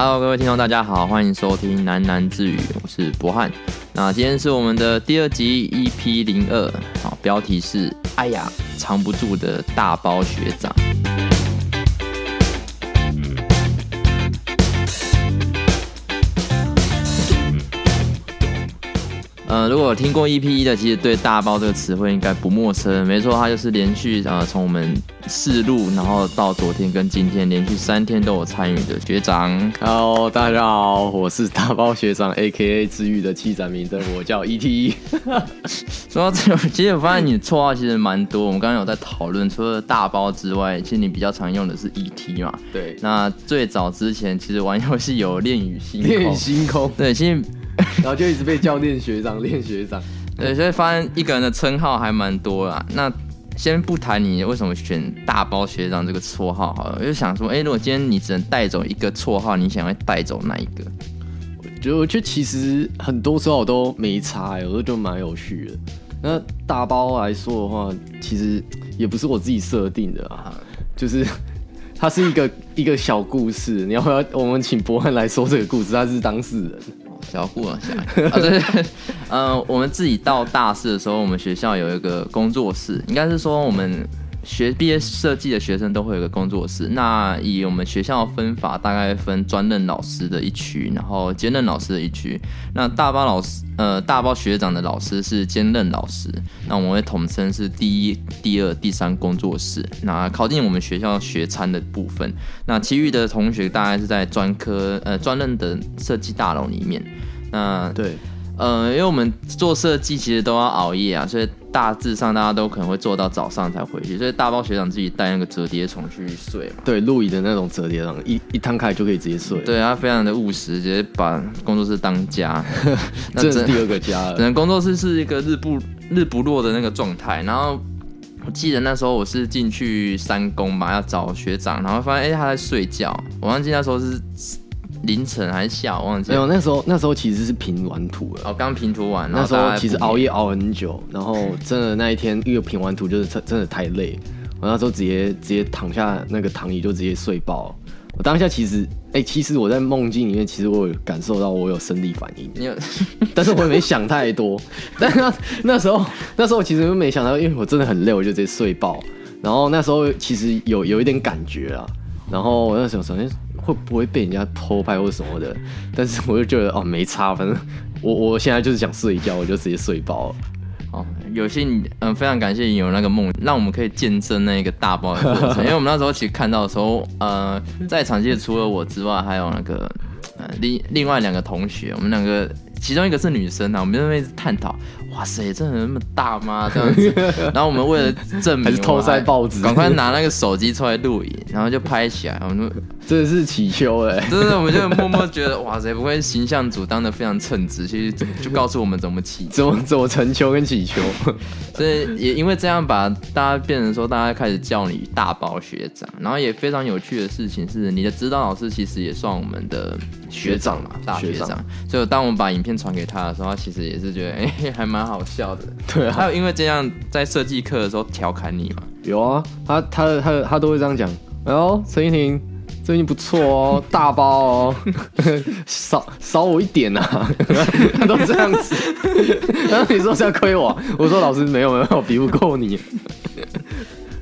Hello，各位聽眾，大家好，歡迎收聽喃喃自語，我是 Bo 翰。那今天是我們的第二集，EP 零二，好，標題是“哎呀，藏不住的大包學長”。嗯、呃，如果有聽過 EP1 的，其實對“大包”這個詞彙應該不陌生。沒錯，他就是連續呃從我們試錄，然後到昨天跟今天連續三天都有參與的學長。Hello，大家好，我是大包學長，A K A 治癒的七盞明燈。我叫 E T E。 說到這個，其實我發現你的綽號其實蠻多。我們剛剛有在討論，除了大包之外，其實你比較常用的是 E T 嘛？對。那最早之前，其實玩遊戲有戀與星空。戀與星空。對，其實。 然後就一直被教練、學長、練學長， 對，所以發現一個人的稱號還蠻多啦。那先不談你為什麼選大包學長這個綽號好了，我就想說，哎、欸，如果今天你只能帶走一個綽號，你想要帶走哪一個？我覺得，我覺得其實很多時候我都沒差、欸，我就覺得蠻有趣的。那大包來說的話，其實也不是我自己設定的啦，就是它是一個 一個小故事。你要不要我們請柏翰來說這個故事？他是當事人。小顧、啊，對、 啊，嗯、就是呃，我們自己到大四的時候，我們學校有一個工作室，應該是說我們，學畢業設計的學生都會有個工作室。那以我們學校分法，大概分專任老師的一區，然後兼任老師的一區。那大包老師，呃，大包學長的老師是兼任老師。那我們會統稱是第一、第二、第三工作室。那靠近我們學校學餐的部分，那其餘的同學大概是在專科，呃，專任的設計大樓裡面。那對。嗯、呃，因為我們做設計其實都要熬夜啊，所以大致上大家都可能會做到早上才回去，所以大包學長自己帶那個折疊床去睡嘛。對，露營的那種折疊床，一一攤開就可以直接睡。對啊，他非常的務實，直接把工作室當家。這 是第二個家了，真的。可能工作室是一個日不日不落的那個狀態。然後我記得那時候我是進去三宮嘛，要找學長，然後發現哎、欸、他在睡覺。我忘記那時候是。凌晨還是下午，忘記了。沒有，那時候那時候其實是評完圖了。哦，剛評圖完，那時候其實熬夜熬很久，然後真的那一天又評 完圖，就是真真的太累。我那時候直接直接躺下那個躺椅就直接睡爆。我當下其實哎、欸，其實我在夢境裡面，其實我有感受到我有生理反應。你有，但是我也沒想太多。 但那，那時候那時候我其實又沒想到，因為我真的很累，我就直接睡爆。然後那時候其實有有一點感覺啊。然後我那時候首先。會不會被人家偷拍或什麼的？但是我就覺得哦，沒差，反正我我現在就是想睡覺，我就直接睡飽了。哦，有幸，嗯，非常感謝你有那個夢，讓我們可以見證那一個大包的過程。 因為我們那時候其實看到的時候，呃，在場其實除了我之外，還有那個另、呃、另外兩個同學，我們兩個其中一個是女生啊，我們在那邊是探討。哇塞，真的那麼大嗎？這樣子？然後我們為了證明 還是偷塞報紙，趕快拿那個手機出來錄影，然後就拍起來。我們說，這是起丘哎！就 是我們就默默覺得 哇塞，不愧形象組當的非常稱職，其實就，就，就告訴我們怎麼起怎麼怎麼成丘跟起丘。所以也因為這樣把，把大家變成說大家開始叫你大包學長。 然後也非常有趣的事情是，你的指導老師其實也算我們的學長嘛，學長大學長，學長。所以我當我們把影片傳給他的時候，他其實也是覺得哎，還蠻。蠻好笑的，對、啊。還有因為這樣在設計課的時候調侃你嘛？有啊，他、他的、他的、他都會這樣講。哦、哎，陳依婷，最近不錯哦，大包哦， 少少我一點吶、啊， 他都這樣子。然 後你說是要虧我，我說老師沒有沒有，沒有我比不夠你。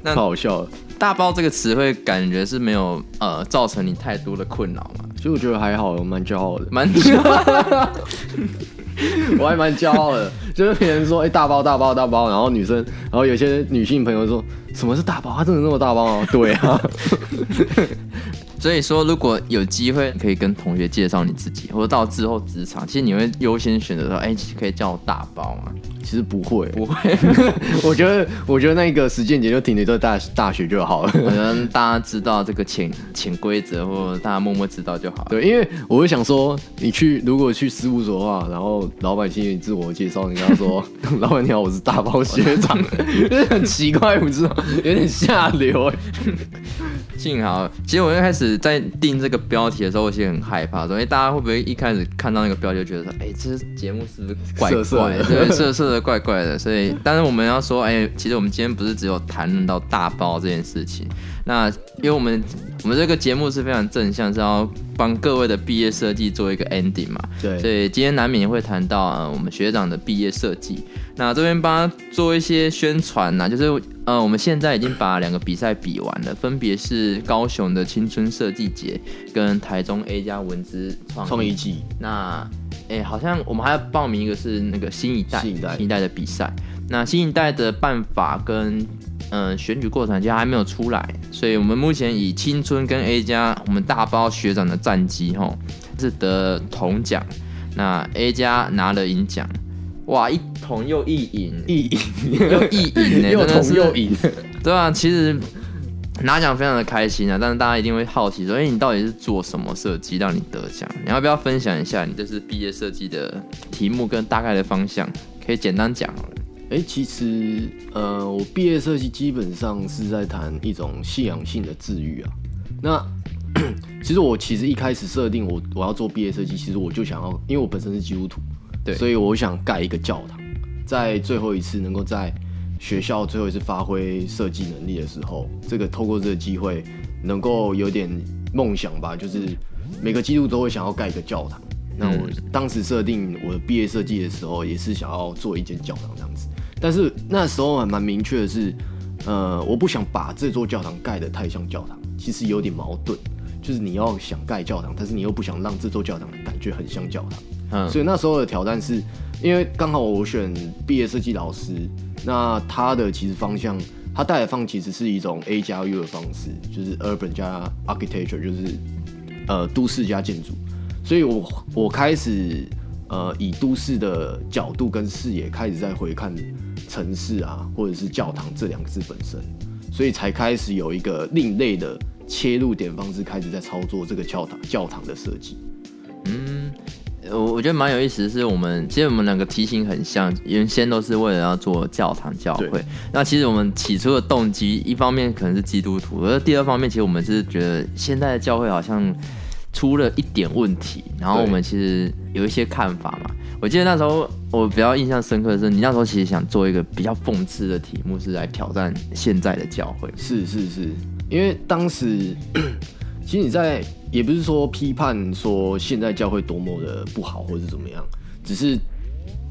那好笑，大包這個詞彙感覺是沒有呃造成你太多的困擾嘛？其實我覺得還好，有蠻驕傲的，蠻驕傲的。 我還蠻驕傲的， 就是別人說，哎、欸，大包大包大包，然後女生，然後有些女性朋友說，什麼是大包？它、啊、真的那麼大包嗎、哦？ 對啊。 所以說，如果有機會，你可以跟同學介紹你自己，或者到之後職場，其實你會優先選擇說：“哎，可以叫我大包嗎？”其實不會，不會。 我覺得，我覺得那個時間點就停留在大大學就好了。可能大家知道這個潛潛規則，或者大家默默知道就好。對，因為我會想說，你去如果去事務所的話，然後老闆請你自我介紹，你跟他說：“ 老闆你好，我是大包學長。 ”就是很奇怪， 你知道，有點下流。 幸好，其實我一開始在定這個標題的時候，我其實很害怕，說哎，大家會不會一開始看到那個標題就覺得說，哎，這節目是不是怪怪的？色色的對，色色的怪怪的。 所以，但是我們要說，哎，其實我們今天不是只有談論到大包這件事情。那因為我們我們這個節目是非常正向，是要幫各位的畢業設計做一個 ending 嘛，對，所以今天難免會談到、呃、我們學長的畢業設計。那這邊幫他做一些宣傳吶、啊，就是呃，我們現在已經把兩個比賽比完了，分別是高雄的青春設計節跟台中 A 加文資創意季。那哎，好像我們還要報名一個是那個新一代新一代，新一代的比賽，那新一代的辦法跟。嗯，選舉過程其實還沒有出來，所以我們目前以青春跟 A 加，我們大包學長的戰績哦，是得銅獎，那 A 加拿了銀獎，哇，一銅又一銀，一銀、欸、又一銀又銅又銀，對啊，其實拿獎非常的開心啊，但是大家一定會好奇說，哎、欸，你到底是做什麼設計讓你得獎？你要不要分享一下你這次畢業設計的題目跟大概的方向？可以簡單講。誒，其實，呃，我畢業設計基本上是在談一種信仰性的治癒啊。那其實我其實一開始設定我我要做畢業設計，其實我就想要，因為我本身是基督徒，對，所以我想蓋一個教堂，在最後一次能夠在學校最後一次發揮設計能力的時候，這個透過這個機會能夠有點夢想吧，就是每個基督徒都會想要蓋一個教堂。那我當時設定我的畢業設計的時候，也是想要做一間教堂這樣子。但是那時候還蠻明確的是，呃，我不想把這座教堂蓋得太像教堂，其實有點矛盾，就是你要想蓋教堂，但是你又不想讓這座教堂感覺很像教堂。嗯，所以那時候的挑戰是，因為剛好我選畢業設計老師，那他的其實方向，他帶的方其實是一種 A 加 U 的方式，就是 Urban 加 Architecture，就是呃，都市加建築。所以我我開始呃，以都市的角度跟視野開始在回看。城市啊，或者是教堂這兩個字本身，所以才開始有一個另類的切入點方式，開始在操作這個教堂教堂的設計。嗯，我我覺得蠻有意思的是我們其實我們兩個題型很像，原先都是為了要做教堂教會。那其實我們起初的動機，一方面可能是基督徒，而第二方面其實我們是覺得現在的教會好像。出了一點問題，然後我們其實有一些看法嘛。我記得那時候我比較印象深刻的是，你那時候其實想做一個比較諷刺的題目，是來挑戰現在的教會。是是是，因為當時 其實你在也不是說批判說現在教會多麼的不好或是怎麼樣，只是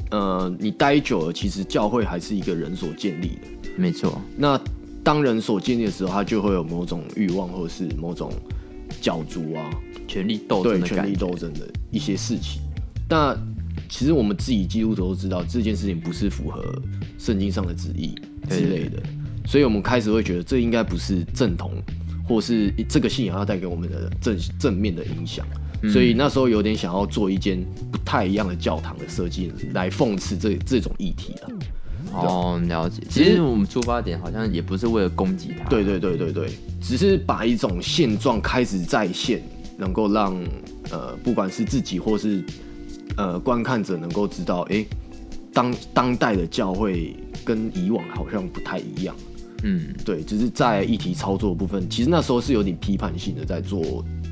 呃，你待久了，其實教會還是一個人所建立的。沒錯，那當人所建立的時候，他就會有某種欲望或是某種。教主啊，權力鬥爭，權力鬥爭的一些事情。那其實我們自己幾乎都知道，這件事情不是符合聖經上的旨意之類的、的，所以我們開始會覺得這應該不是正統，或是這個信仰要帶給我們的正正面的影響，嗯。所以那時候有點想要做一間不太一樣的教堂的設計，來諷刺這這種議題了、啊。哦，了解。其實我們出發點好像也不是為了攻擊他，對對對對對，只是把一種現狀開始再現，能夠讓呃，不管是自己或是呃觀看者能夠知道，誒，當當代的教會跟以往好像不太一樣。嗯，對，只、就是在議題操作的部分，其實那時候是有點批判性的在做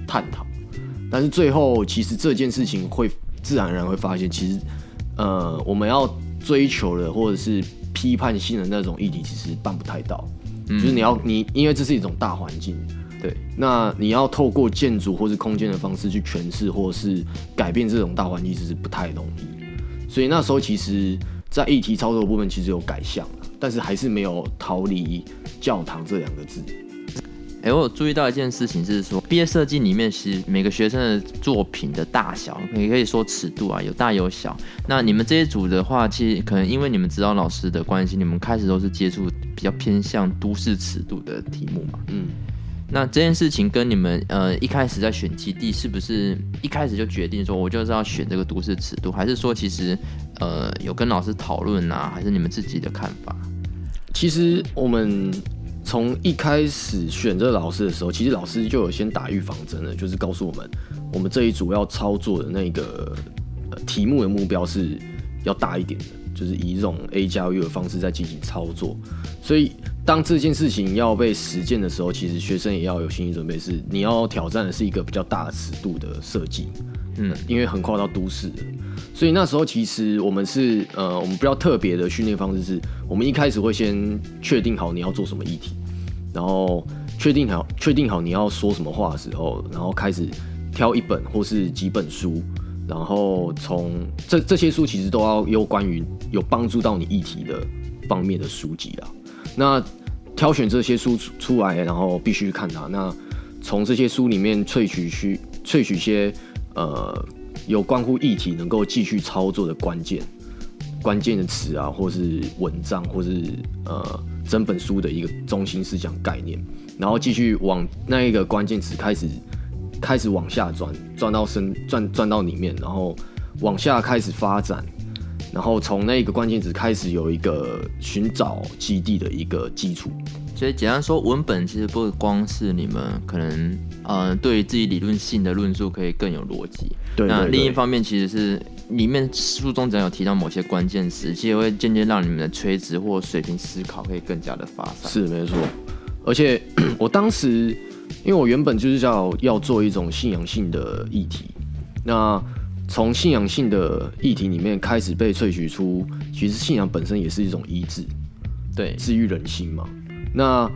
探討，但是最後其實這件事情會自然而然會發現，其實呃，我們要。追求的或者是批判性的那種議題，其實辦不太到。就是你要你，因為這是一種大環境，對，那你要透過建築或是空間的方式去詮釋，或是改變這種大環境，其實不太容易。所以那時候其實，在議題操作的部分其實有改向，但是還是沒有逃離“教堂”這兩個字。誒、欸，我有注意到一件事情，就是說畢業設計裡面，是每個學生的作品的大小，可以可以說尺度啊，有大有小。那你們這一組的話，其實可能因為你們指導老師的關係，你們開始都是接觸比較偏向都市尺度的題目嘛。嗯。那這件事情跟你們呃一開始在選基地，是不是一開始就決定說我就是要選這個都市尺度，還是說其實呃有跟老師討論吶、啊，還是你們自己的看法？其實我們。從一開始選擇老師的時候，其實老師就有先打預防針了，就是告訴我們，我們這一組要操作的那個，呃，題目的目標是要大一點的，就是以這種 A 加 U 的方式在進行操作，所以。當這件事情要被實踐的時候，其實學生也要有心理準備是，是你要挑戰的是一個比較大的尺度的設計，嗯，因為橫跨到都市了，所以那時候其實我們是呃，我們比較特別的訓練方式是，我們一開始會先確定好你要做什麼議題，然後確定好確定好你要說什麼話的時候，然後開始挑一本或是幾本書，然後從這這些書其實都要有關於有幫助到你議題的方面的書籍啊。那挑選這些書出來，然後必須看它，那從這些書裡面萃取去萃取些呃有關乎議題能夠繼續操作的關鍵關鍵的詞啊，或是文章，或是呃整本書的一個中心思想概念，然後繼續往那一個關鍵詞開始開始往下鑽，鑽到深鑽鑽到裡面，然後往下開始發展。然後從那個關鍵詞開始，有一個尋找基地的一個基礎。所以簡單說，文本其實不光是你們可能，呃，對自己理論性的論述可以更有邏輯。對，對，對。那另一方面，其實是裡面書中只要有提到某些關鍵詞，其實會漸漸讓你們的垂直或水平思考可以更加的發展。是沒錯。而且 我當時，因為我原本就是叫要做一種信仰性的議題，那。從信仰性的議題裡面開始被萃取出，其實信仰本身也是一種醫治，對，治癒人心嘛。那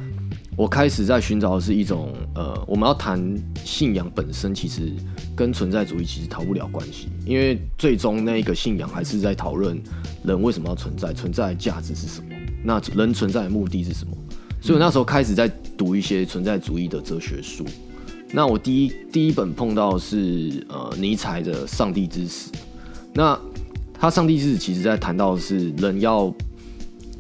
我開始在尋找的是一種，呃，我們要談信仰本身，其實跟存在主義其實逃不了關係，因為最終那個信仰還是在討論人為什麼要存在，存在的價值是什麼，那人存在的目的是什麼。所以我那時候開始在讀一些存在主義的哲學書。嗯那我第一第一本碰到，是呃尼采的《上帝之死》，那他《上帝之死》其實在談到的是人要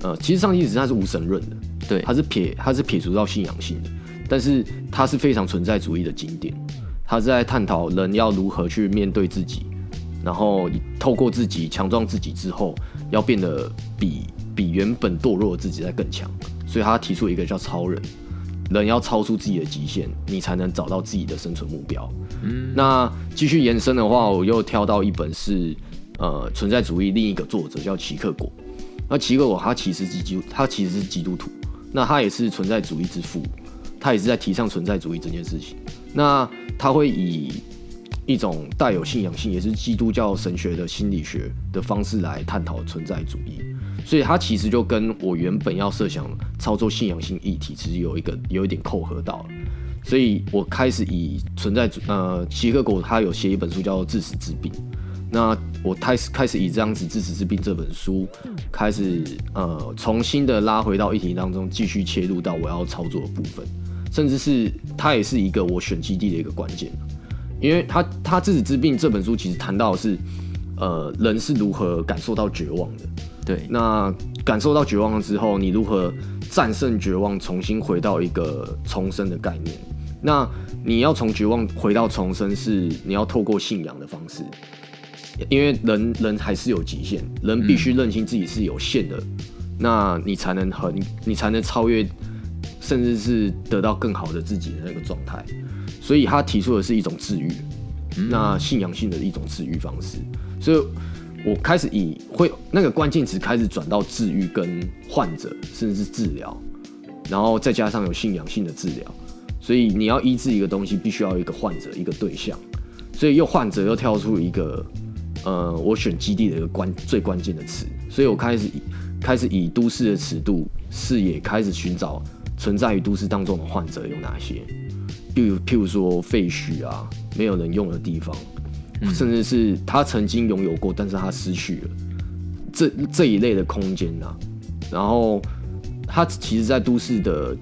呃，其實《上帝之死》它是無神論的，對，它是撇它是撇除到信仰性的，但是它是非常存在主義的經典，它是在探討人要如何去面對自己，然後透過自己強壯自己之後，要變得比比原本墮落的自己再更強，所以他提出一個叫超人。人要超出自己的極限，你才能找到自己的生存目標。嗯，那繼續延伸的話，我又跳到一本是，呃，存在主義另一個作者叫齊克果。那齊克果他其實，他其實是基督，他其實是基督徒，那他也是存在主義之父，他也是在提倡存在主義這件事情。那他會以一種帶有信仰性，也是基督教神學的心理學的方式來探討存在主義。所以它其實就跟我原本要設想操作信仰性議題，其實有一個有一點扣合到了。所以我開始以存在主呃齊克果，他有寫一本書叫做《致死之病》。那我開始開始以這樣子《致死之病》這本書，開始呃重新的拉回到議題當中，繼續切入到我要操作的部分，甚至是它也是一個我選基地的一個關鍵，因為它他《致死之病》這本書其實談到的是呃人是如何感受到絕望的。對，那感受到絕望了之後，你如何戰勝絕望，重新回到一個重生的概念？那你要從絕望回到重生，是你要透過信仰的方式，因為人人還是有極限，人必須認清自己是有限的，嗯、那你才能很，你才能超越，甚至是得到更好的自己的那個狀態。所以他提出的是一種治癒，那信仰性的一種治癒方式，嗯、所以。我開始以會那個關鍵詞開始轉到治癒跟患者，甚至是治療，然後再加上有信仰性的治療，所以你要醫治一個東西，必須要一個患者一個對象，所以又患者又跳出一個，呃，我選基地的一個關最關鍵的詞，所以我開始以開始以都市的尺度視野開始尋找存在於都市當中的患者有哪些，譬如譬如說廢墟啊，沒有人用的地方。甚至是他曾經擁有過，但是他失去了這這一類的空間啊，然後他其實在都市的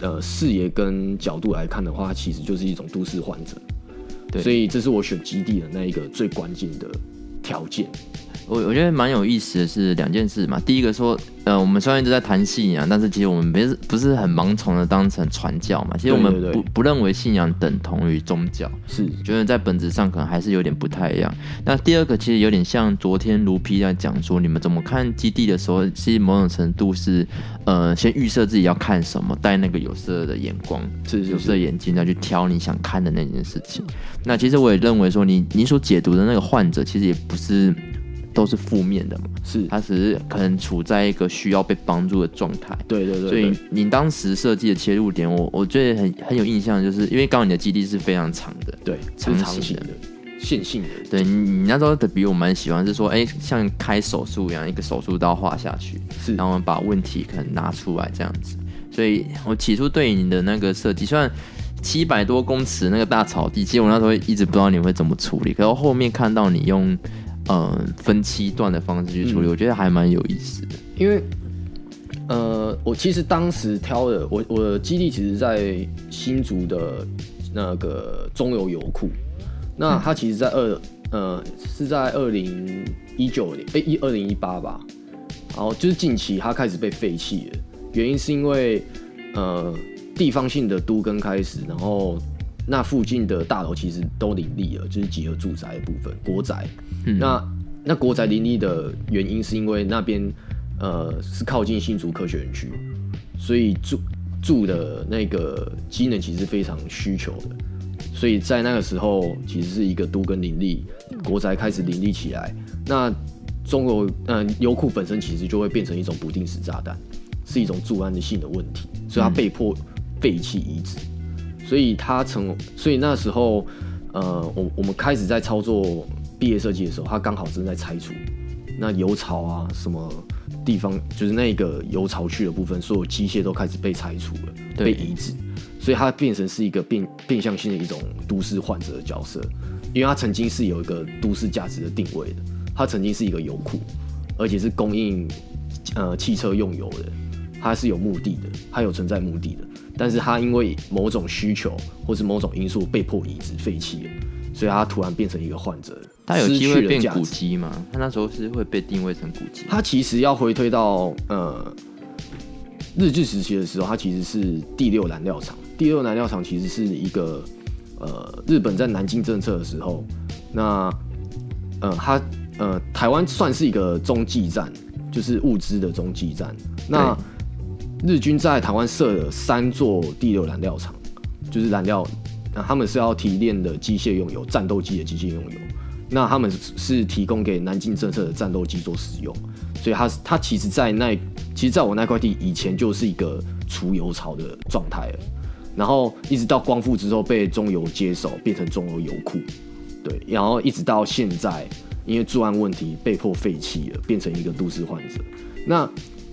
呃視野跟角度來看的話，他其實就是一種都市患者。對，所以這是我選基地的那一個最關鍵的條件。我我覺得蠻有意思的，是兩件事嘛。第一個說，呃，我們雖然一直在談信仰，但是其實我們不是不是很盲從的當成傳教嘛。其實我們不對對對不認為信仰等同於宗教，是覺得在本質上可能還是有點不太一樣。那第二個其實有點像昨天盧皮在講說，你們怎麼看基地的時候，其實某種程度是，呃，先預設自己要看什麼，戴那個有色的眼光，是，是，是有色的眼鏡，然後去挑你想看的那件事情。那其實我也認為說，你你所解讀的那個患者，其實也不是，都是負面的嘛，是他只是可能處在一個需要被幫助的狀態。對，對對對，所以你當時設計的切入點我，我我覺得很很有印象，就是因為剛好你的基地是非常長的，對，長是長型的，線性的。對，你，你那時候的筆我蠻喜歡，是說，哎、欸，像開手術一樣，一個手術刀劃下去，是，然後把問題可能拿出來這樣子。所以我起初對你的那個設計，雖然七百多公尺那個大草地，其實我那時候一直不知道你會怎麼處理，可是後面看到你用。嗯，分期段的方式去處理，嗯、我覺得還蠻有意思的。因為，呃，我其實當時挑的，我我的基地其實，在新竹的那個中油油庫。那它其實在 2,、嗯，在二呃是在二零一九年，哎一二零一八吧。然後就是近期它開始被廢棄了，原因是因為呃地方性的都更開始，然後那附近的大樓其實都林立了，就是集合住宅的部分，國宅。嗯、那那國宅林立的原因是因為那邊，呃，是靠近新竹科學園區，所以住住的那個機能其實是非常需求的，所以在那個時候其實是一個都更林立國宅開始林立起來，那中國嗯油庫本身其實就會變成一種不定時炸彈，是一種助安的性的問題，所以它被迫廢棄遺址，所以它成所以那時候呃我我們開始在操作，畢業設計的時候，它剛好正在拆除，那油槽啊，什麼地方就是那個油槽區的部分，所有機械都開始被拆除了，被移植。所以它變成是一個變變相性的一種都市患者的角色，因為它曾經是有一個都市價值的定位的，它曾經是一個油庫，而且是供應呃汽車用油的，它是有目的的，它有存在目的的，但是它因為某種需求或是某種因素被迫移植廢棄了。所以他突然變成一個患者，他有機會變古蹟嗎？他那時候是會被定位成古蹟。他其實要回推到呃，日治時期的時候，他其實是第六燃料廠。第六燃料廠其實是一個呃，日本在南京政策的時候，那呃，他呃，台灣算是一個中繼站，就是物資的中繼站。那日軍在台灣設了三座第六燃料廠，就是燃料。那他們是要提煉的機械用油，戰鬥機的機械用油。那他們是提供給南京政策的戰鬥機做使用，所以他他其實，在那其實，在我那塊地以前就是一個除油槽的狀態了，然後一直到光復之後被中油接手，變成中油油庫，對，然後一直到現在，因為治安問題被迫廢棄了，變成一個都市患者。那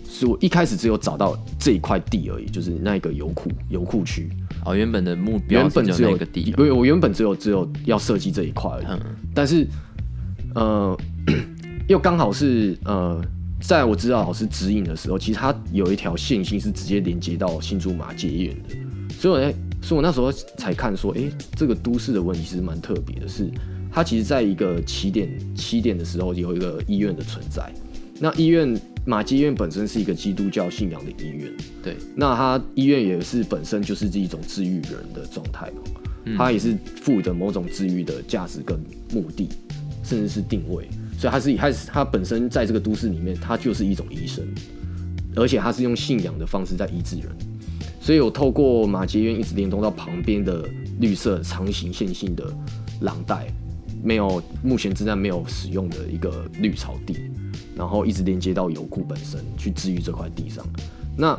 所以我一開始只有找到這一塊地而已，就是那個油庫油庫區。哦，原本的目標是只有一個地，不，我原本只有只有要設計這一塊而已。嗯，但是，呃，又剛好是呃，在我指導老師指引的時候，其實他有一條線性是直接連接到新竹馬偕醫院的，所以我，我所以，我那時候才看說，誒、欸，這個都市的問題其實蠻特別的，是它其實在一個起點起點的時候有一個醫院的存在，那醫院。馬偕醫院本身是一個基督教信仰的醫院，對，那它醫院也是本身就是這一種治癒人的狀態，它、嗯、也是賦予的某種治癒的價值跟目的，甚至是定位，所以它是它是它本身在這個都市裡面，它就是一種醫生，而且它是用信仰的方式在醫治人，所以我透過馬偕醫院一直連通到旁邊的綠色長形線性的廊帶，沒有目前現在沒有使用的一個綠草地。然後一直連接到油庫本身去治癒這塊地上。那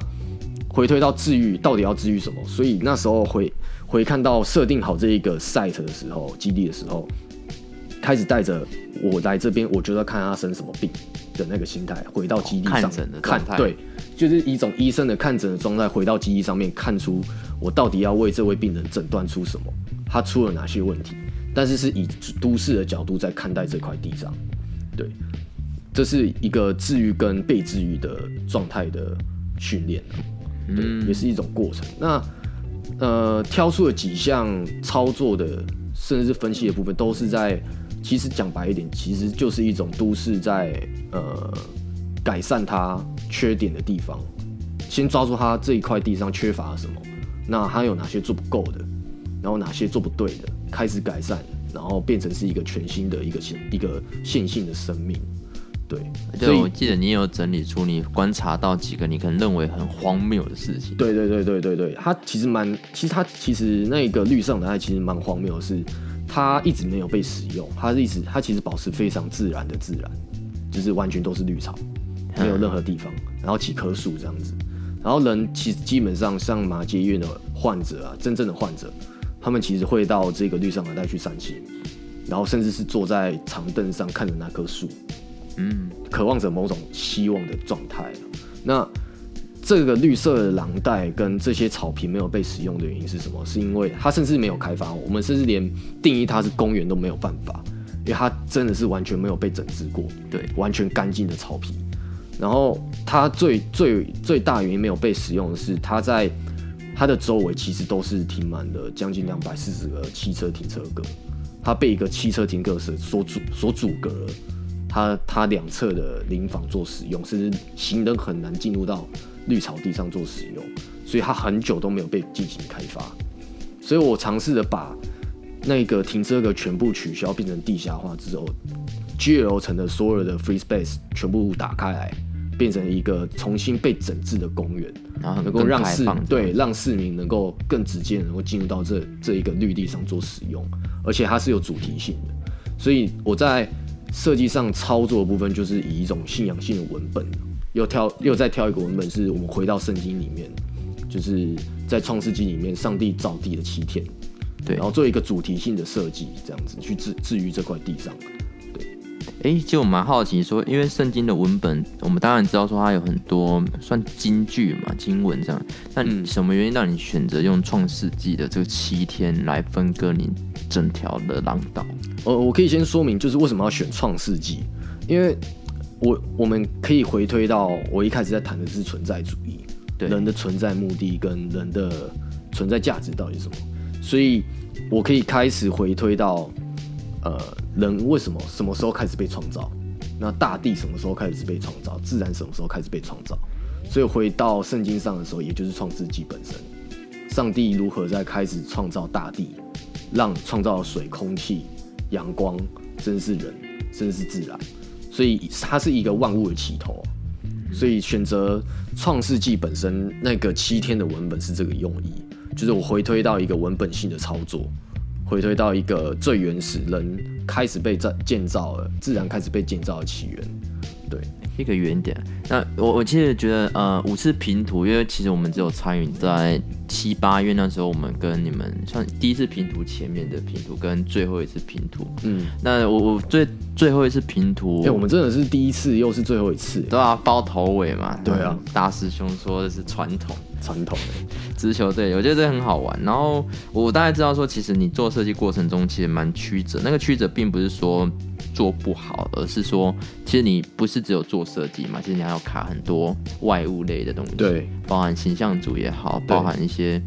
回推到治癒，到底要治癒什麼？所以那時候回回看到設定好這一個 site 的時候，基地的時候，開始帶着我來這邊，我覺得看他生什麼病的那個心態回到基地上，哦、看診的狀態。看，對，就是一種醫生的看診的狀態，回到基地上面看出我到底要為這位病人診斷出什麼，他出了哪些問題，但是是以都市的角度在看待這塊地上，對。這是一個治癒跟被治癒的狀態的訓練啊，對，也是一種過程。那呃，挑出了幾項操作的，甚至是分析的部分，都是在其實講白一點，其實就是一種都市在呃改善它缺點的地方。先抓住它這一塊地上缺乏了什麼，那它有哪些做不夠的，然後哪些做不對的，開始改善，然後變成是一個全新的一個一個線，一個線性的生命。對，我記得你有整理出你觀察到幾個你可能認為很荒謬的事情。對，對，對，對，對，對，它其實蠻，其實他其實那一個綠上腦袋其實蠻荒謬的是，他一直沒有被使用，他一直他其實保持非常自然的自然，就是完全都是綠草，沒有任何地方，嗯、然後幾棵樹這樣子。然後人其實基本上像馬偕醫院的患者啊，真正的患者，他們其實會到這個綠上腦袋去散心，然後甚至是坐在長凳上看着那棵樹。嗯，渴望着某種希望的狀態。那這個綠色的廊帶跟這些草坪沒有被使用的原因是什麼？是因為它甚至沒有開發，我們甚至連定義它是公園都沒有辦法，因為它真的是完全沒有被整治過，對，完全乾淨的草坪。然後它最最最大原因沒有被使用的是，它在它的周圍其實都是停滿了將近兩百四十個汽車停車格，它被一個汽車停車格所所，所阻隔了。它它兩側的林房做使用，甚至行人很難進入到綠草地上做使用，所以它很久都沒有被進行開發。所以我嘗試着把那個停車格全部取消，變成地下化之後，G 樓層的所有的 free space 全部打開來，變成一個重新被整治的公園，然後能夠讓市對讓市民能夠更直接能夠進入到這這一個綠地上做使用，而且它是有主題性的，所以我在。設計上操作的部分，就是以一種信仰性的文本，又挑又再挑一個文本，是我們回到聖經裡面，就是在創世紀裡面，上帝造地的七天，對，然後做一個主題性的設計，這樣子去治治癒這塊地上。欸、其實就蠻好奇說，因為聖經的文本，我們當然知道說它有很多算金句嘛，經文這樣。那你什麼原因讓你選擇用創世紀的這個七天來分割你整條的廊道？呃，我可以先說明，就是為什麼要選創世紀，因為我我們可以回推到我一開始在談的是存在主義，對人的存在目的跟人的存在價值到底是什麼，所以我可以開始回推到。呃，人為什麼什麼時候開始被創造？那大地什麼時候開始被創造？自然什麼時候開始被創造？所以回到聖經上的時候，也就是創世紀本身，上帝如何在開始創造大地，讓創造水、空氣、陽光，甚至是人，甚至是自然，所以它是一個萬物的起頭。所以選擇創世紀本身那個七天的文本是這個用意，就是我回推到一個文本性的操作。回推到一個最原始人開始被建造了，自然開始被建造的起源，對，一個原點。那我我其實覺得，呃，五次評圖，因為其實我們只有參與在七八月，月那時候我們跟你們算第一次評圖，前面的評圖跟最後一次評圖。嗯，那我我最最後一次評圖，哎、欸，我們真的是第一次又是最後一次，對啊，包頭尾嘛，對啊，大師兄說的是傳統。傳統的直球對，對我覺得這很好玩。然後我大概知道說，其實你做設計過程中其實蠻曲折。那個曲折並不是說做不好，而是說其實你不是只有做設計嘛，其實你還要卡很多外物類的東西，對，包含形象組也好，包含一些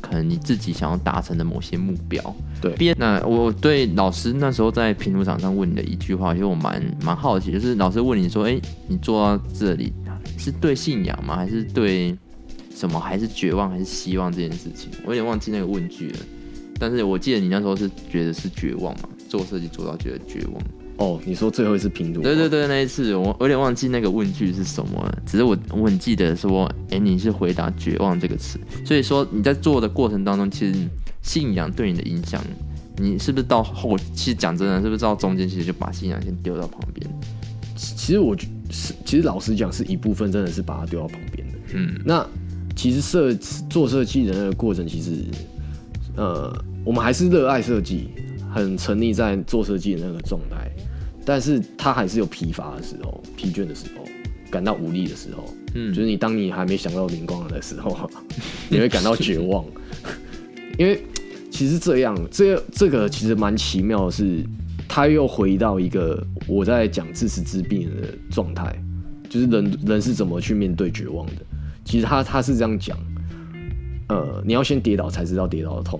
可能你自己想要達成的某些目標，對。那我對老師那時候在評圖場上問你的一句話，其實我蠻蠻好奇，就是老師問你說：“哎、欸，你做到這裡是對信仰嗎？還是對？”什麼還是絕望還是希望這件事情，我有點忘記那個問句了。但是我記得你那時候是覺得是絕望嘛？做設計做到覺得絕望。哦，你說最後一次評圖，啊？對對對，那一次我有點忘記那個問句是什麼了。只是我我很記得說，哎、欸，你是回答絕望這個詞。所以說你在做的過程當中，其實信仰對你的影響，你是不是到後期？其實講真的，是不是到中間其實就把信仰先丟到旁邊？其實我是，其實老實講是一部分，真的是把它丟到旁邊的。嗯，那。其實設做設計的那個過程，其實，呃，我們還是熱愛設計，很沉溺在做設計的那個狀態，但是他還是有疲乏的時候，疲倦的時候，感到無力的時候，嗯，就是你當你還沒想到靈光的時候，你會感到絕望。 因為其實這樣，這個、這個其實蠻奇妙的是，他又回到一個我在講致死之病的狀態，就是人人是怎麼去面對絕望的。其實他他是這樣講，呃，你要先跌倒才知道跌倒的痛，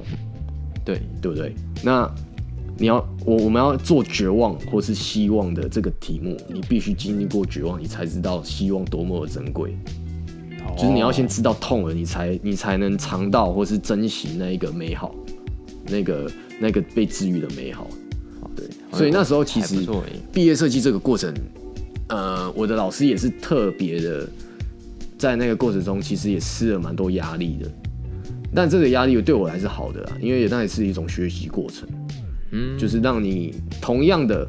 對對不對？那你要我我們要做絕望或是希望的這個題目，你必須經歷過絕望，你才知道希望多麼的珍貴。Oh. 就是你要先知道痛了，你才你才能嘗到或是珍惜那一個美好，那個那個被治癒的美好。對。Oh. 所以那時候其實畢業設計這個過程，Oh. 嗯。嗯。畢業設計這個過程，呃，我的老師也是特別的。在那個過程中，其實也施了蠻多壓力的，但這個壓力對我來說是好的啊，因為那也是一種學習過程，嗯，就是讓你同樣的，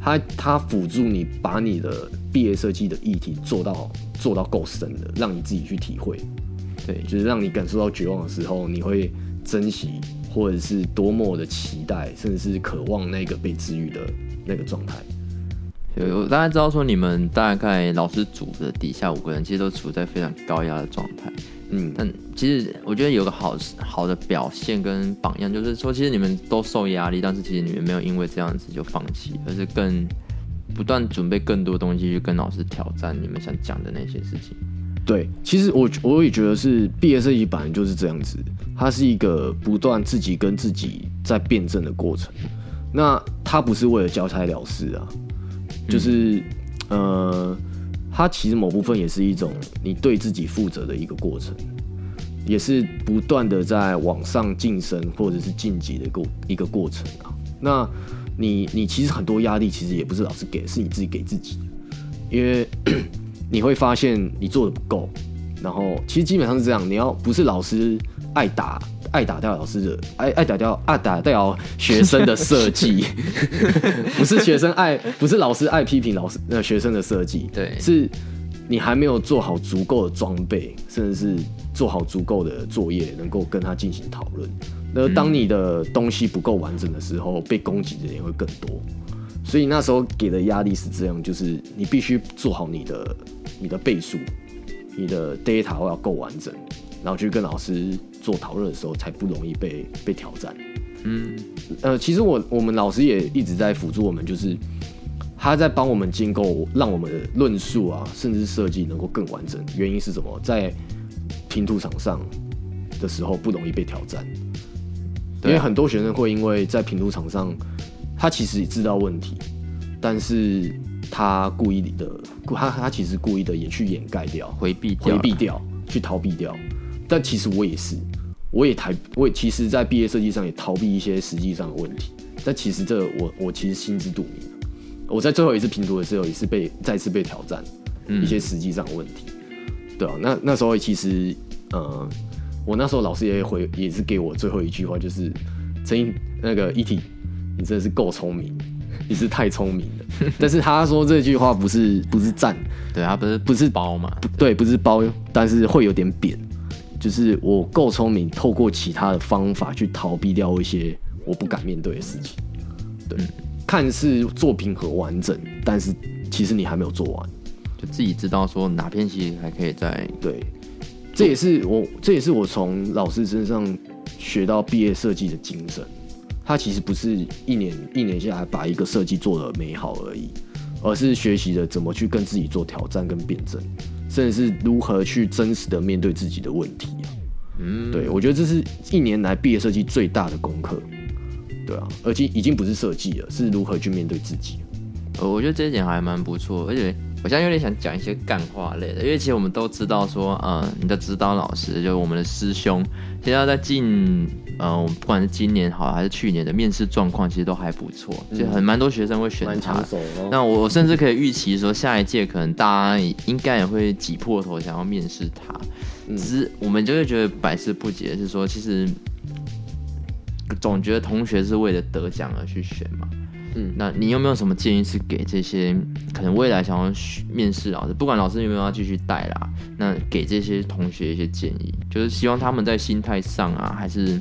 它它輔助你把你的畢業設計的議題做到做到夠深的，讓你自己去體會，對，就是讓你感受到絕望的時候，你會珍惜或者是多麼的期待，甚至是渴望那個被治癒的那個狀態。對，我大家知道說，你們大概老師組的底下五個人，其實都處在非常高壓的狀態。嗯，但其實我覺得有個好好的表現跟榜樣，就是說，其實你們都受壓力，但是其實你們沒有因為這樣子就放棄，而是更不斷準備更多東西去跟老師挑戰你們想講的那些事情。對，其實我我也覺得是畢業設計本就是這樣子，它是一個不斷自己跟自己在辯證的過程。那它不是為了交差了事啊。就是，呃，它其實某部分也是一種你對自己負責的一個過程，也是不斷的在往上晉升或者是晉級的過一個過程啊。那你你其實很多壓力其實也不是老師給，是你自己給自己，因為你會發現你做的不夠，然後其實基本上是這樣，你要不是老師。愛打愛打掉老師的愛愛打掉愛打掉學生的設計， 不是學生愛，不是老師愛批評老師那學生的設計，對，是你還沒有做好足夠的裝備，甚至是做好足夠的作業，能夠跟他進行討論。那、嗯、當你的東西不夠完整的時候，被攻擊的人也會更多。所以那時候給的壓力是這樣，就是你必須做好你的你的倍數，你的 data 要夠完整，然後去跟老師。做討論的時候才不容易被被挑戰，嗯，呃，其實我我們老師也一直在輔助我們，就是他在幫我們建構，讓我們的論述啊，甚至設計能夠更完整。原因是什麼？在評圖場上的時候不容易被挑戰，啊、因為很多學生會因為在評圖場上，他其實也知道問題，但是他故意的，他他其實故意的也去掩蓋掉，回避掉，回避掉，去逃避掉。但其實我也是。我也逃，我也其實，在畢業設計上也逃避一些實際上的問題，但其實這我我其實心知肚明。我在最後一次評圖的時候，也是被再次被挑戰一些實際上的問題，嗯、對啊，那那時候其實，嗯、呃，我那時候老師也回，也是給我最後一句話，就是陳英那個一挺，你真的是夠聰明， 你是太聰明了。 但是他說這句話不是不是贊，對啊，不是不是褒嘛對，對，不是褒，但是會有點貶。就是我夠聰明，透過其他的方法去逃避掉一些我不敢面對的事情。對，嗯、看似作品很完整，但是其實你還沒有做完，就自己知道說哪篇其實還可以再對。這也是我，這也是我從老師身上學到畢業設計的精神。他其實不是一年一年下來把一個設計做得美好而已，而是學習了怎麼去跟自己做挑戰跟辯證。甚至是如何去真實的面對自己的問題。嗯，對，我覺得這是一年來畢業設計最大的功課，對啊，而且已經不是設計了，是如何去面對自己。哦，我覺得這一點還蠻不錯，而且我現在有點想講一些幹話類的，因為其實我們都知道說，嗯，你的指導老師就是我們的師兄，現在在進。嗯、呃，不管是今年好還是去年的面試狀況，其實都還不錯，嗯、就很蠻多學生會選他。哦。那我甚至可以預期說，下一屆可能大家應該也會擠破頭想要面試他。嗯、只是我們就會覺得百思不解，是說其實總覺得同學是為了得獎而去選嘛。嗯，那你有沒有什麼建議是給這些可能未來想要面試老師，不管老師有沒有要繼續帶啦？那給這些同學一些建議，就是希望他們在心態上啊，還是。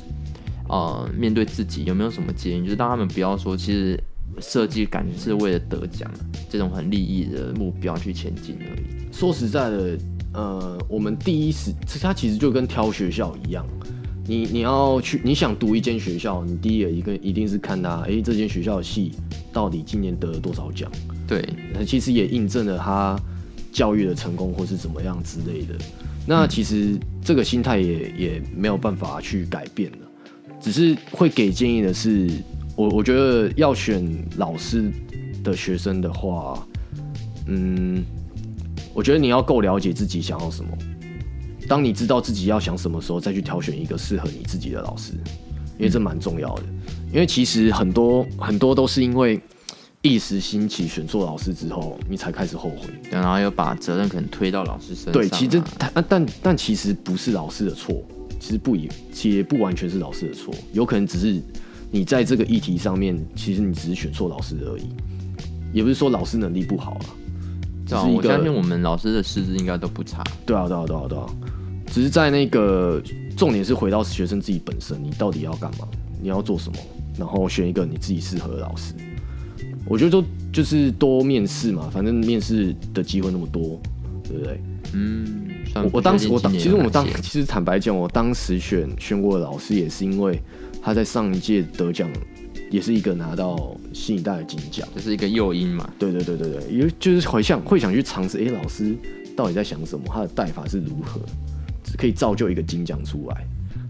呃，面對自己有沒有什麼建議？就是讓他們不要說，其實設計感是為了得獎這種很利益的目標去前進而已。說實在的，呃，我們第一時，他其實就跟挑學校一樣，你你要去，你想讀一間學校，你第一個一個一定是看他，哎，這間學校的系到底今年得了多少獎。對，其實也印證了他教育的成功，或是怎麼樣之類的。那其實這個心態也也沒有辦法去改變了。只是會給建議的是，我我覺得要選老師的學生的話，嗯，我覺得你要夠了解自己想要什麼。當你知道自己要想什麼時候，再去挑選一個適合你自己的老師，因為這蠻重要的。嗯，因為其實很多很多都是因為一時興起選錯老師之後，你才開始後悔，然後又把責任可能推到老師身上啊。對，其實他但，但，但其實不是老師的錯，其實不也，其實也不完全是老師的錯，有可能只是你在這個議題上面，其實你只是選錯老師而已，也不是說老師能力不好了、啊。對、啊、只是我相信我們老師的師資應該都不差。對啊，對啊，對啊，對啊，只是在那個重點是回到學生自己本身，你到底要幹嘛？你要做什麼？然後選一個你自己適合的老師。我覺得就、就是多面試嘛，反正面試的機會那麼多，對不對？嗯。我當時我當其實我當其實坦白講，我當時選選過的老師，也是因為他在上一屆得獎，也是一個拿到新一代的金獎，就是一個誘因嘛。對對對對，因為就是會想會想去嘗試，哎，老師到底在想什麼？他的帶法是如何可以造就一個金獎出來？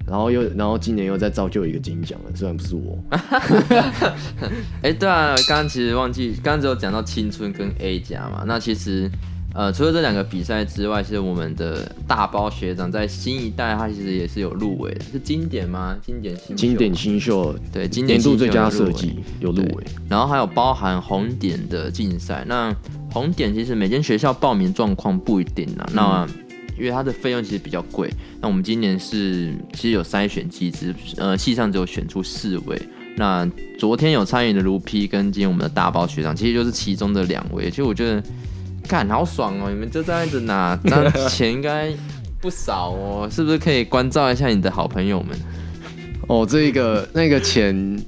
然後又然後今年又再造就一個金獎了，雖然不是我。哎，對啊，剛剛其實忘記剛剛只有講到青春跟 A+ 嘛，那其實。呃，除了這兩個比賽之外，是我們的大包學長在新一代，他其實也是有入圍的，是經典嗎？經典新秀，經典新秀，對，經典，年度最佳設計有入圍，然後還有包含紅點的競賽。那紅點其實每間學校報名狀況不一定啦。那、啊嗯、因為它的費用其實比較貴，那我們今年是其實有篩選機制，呃，系上只有選出四位。那昨天有參與的盧 P 跟今天我們的大包學長，其實就是其中的兩位。其實我覺得。看好爽哦！你們就這樣子拿，那錢應該不少哦， 是不是可以關照一下你的好朋友們？哦，這個那個錢，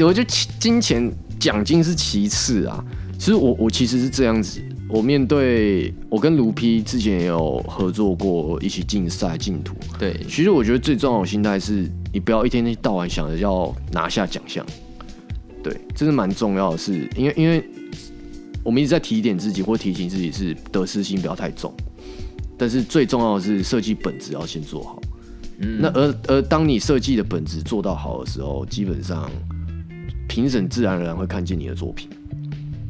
我覺得金錢獎金是其次啊。其實我我其實是這樣子，我面對我跟盧 P 之前也有合作過，一起競賽競圖。對，其實我覺得最重要的心態是你不要一天天到晚想着要拿下獎項，對，這是蠻重要的事，因為因為。我們一直在提點自己，或提醒自己是得失心不要太重。但是最重要的是設計本質要先做好。嗯，那而而當你設計的本質做到好的時候，基本上評審自然而然會看見你的作品。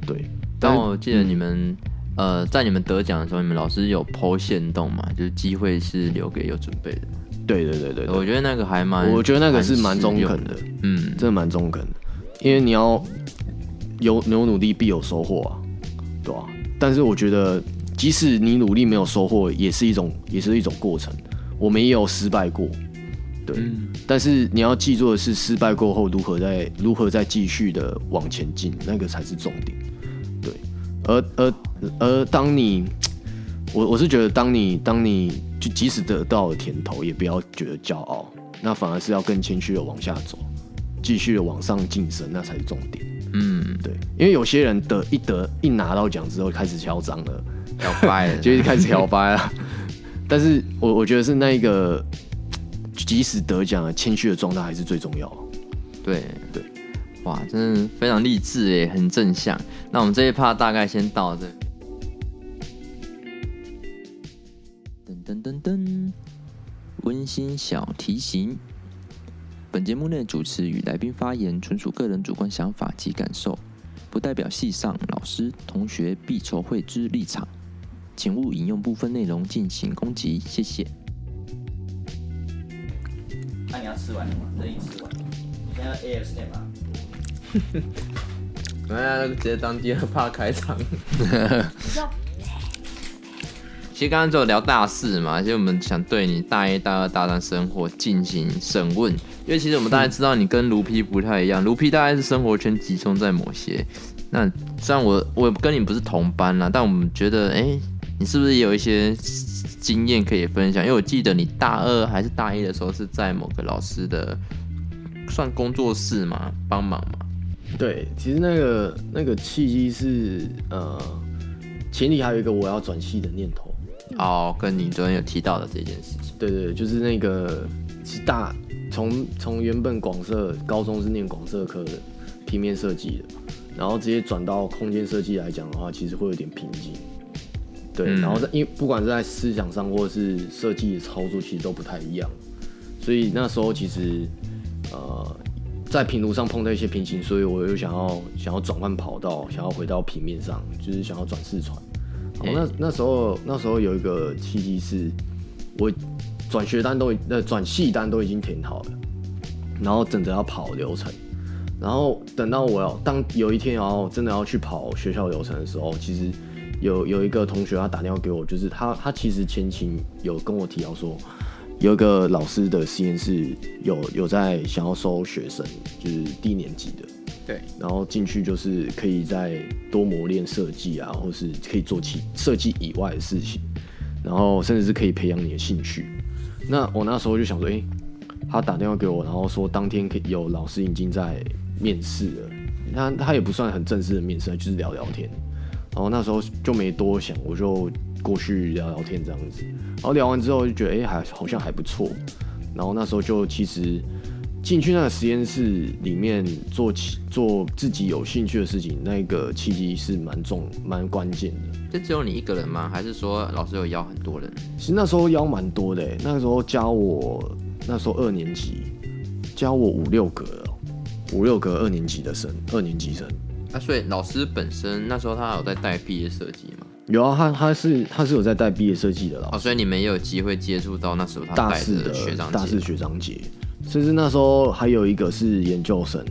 對。當我記得你們、嗯、呃，在你們得獎的時候，你們老師有 po 限動嘛？就是機會是留給有準備的。對對對對，我覺得那個還蠻，我覺得那個是蠻中,、嗯、中肯的。嗯，真的蠻中肯，因為你要有你有努力，必有收穫啊。但是我覺得，即使你努力沒有收穫，也是一種也是一種過程。我們也有失敗過，對、嗯。但是你要記住的是，失敗過後如何再、如何再繼續的往前進，那個才是重點。對。而而而當你，我我是覺得，當你當你就即使得到了甜頭，也不要覺得驕傲，那反而是要更謙虛的往下走，繼續的往上晉升，那才是重點。嗯，對，因為有些人得一得一拿到獎之後開始囂張了，挑掰了， 就是開始挑掰啊。 但是我我覺得是那個，即使得獎了，謙虛的狀態還是最重要。對對，哇，真的非常勵志耶，很正向。那我們這一趴大概先到這個。噔噔噔噔，溫馨小提醒。本節目內主持與來賓發言純屬個人主觀想法及感受，不代表系上老師、同學、畢籌會之立場，請勿引用部分內容進行攻擊，謝謝。那、啊、你要吃完了嗎？這一吃完了，你要二吃點嗎？來、 啊，直接當第二趴開場。 笑其實剛剛就聊大四嘛，而且我們想對你大一、大二、大三生活進行審問。因為其實我們大概知道你跟盧皮不太一樣，盧、嗯、皮大概是生活圈集中在某些。那雖然我我跟你不是同班啦，但我們覺得誒、欸，你是不是也有一些經驗可以分享？因為我記得你大二還是大一的時候是在某個老師的算工作室嘛，幫忙嘛。對，其實那個那個契機是呃，心裡還有一個我要轉系的念頭。哦，跟你昨天有提到的這件事情。對對、對，就是那個其實大。從從原本廣設高中是念廣設科的平面設計的，然後直接轉到空間設計來講的話，其實會有點瓶頸。對、嗯，然後在因為不管是在思想上或者是設計的操作，其實都不太一樣。所以那時候其實呃在評圖上碰到一些瓶頸，所以我又想要想要轉換跑道，想要回到平面上，就是想要轉視傳。然後那、欸、那時候那時候有一個契機是，我轉學單都已呃轉系單都已經填好了。然後整着要跑流程，然後等到我要當有一天要真的要去跑學校流程的時候，其實有有一個同學他打電話給我，就是他他其實前情有跟我提到說，有一個老師的實驗室有有在想要收學生，就是低年級的，對，然後進去就是可以再多磨練設計啊，或是可以做其設計以外的事情，然後甚至是可以培養你的興趣。那我那時候就想說，哎、欸。他打電話給我，然後說當天可以有老師已經在面試了，他他也不算很正式的面試，就是聊聊天。然後那時候就沒多想，我就過去聊聊天這樣子。然後聊完之後就覺得，哎、欸，還好像還不錯。然後那時候就其實進去那個實驗室裡面做做自己有興趣的事情，那個契機是蠻重蠻關鍵的。就只有你一個人嗎？還是說老師有邀很多人？其實那時候邀蠻多的，那時候加我。那時候二年級教我五六個，五六個二年級的生，二年級生啊，所以老師本身那時候他有在帶畢業設計嗎？有啊，他他是他是有在帶畢業設計的啊，所以你們也有機會接觸到那時候他大四的學長、大四學長姐，嗯，甚至那時候還有一個是研究生，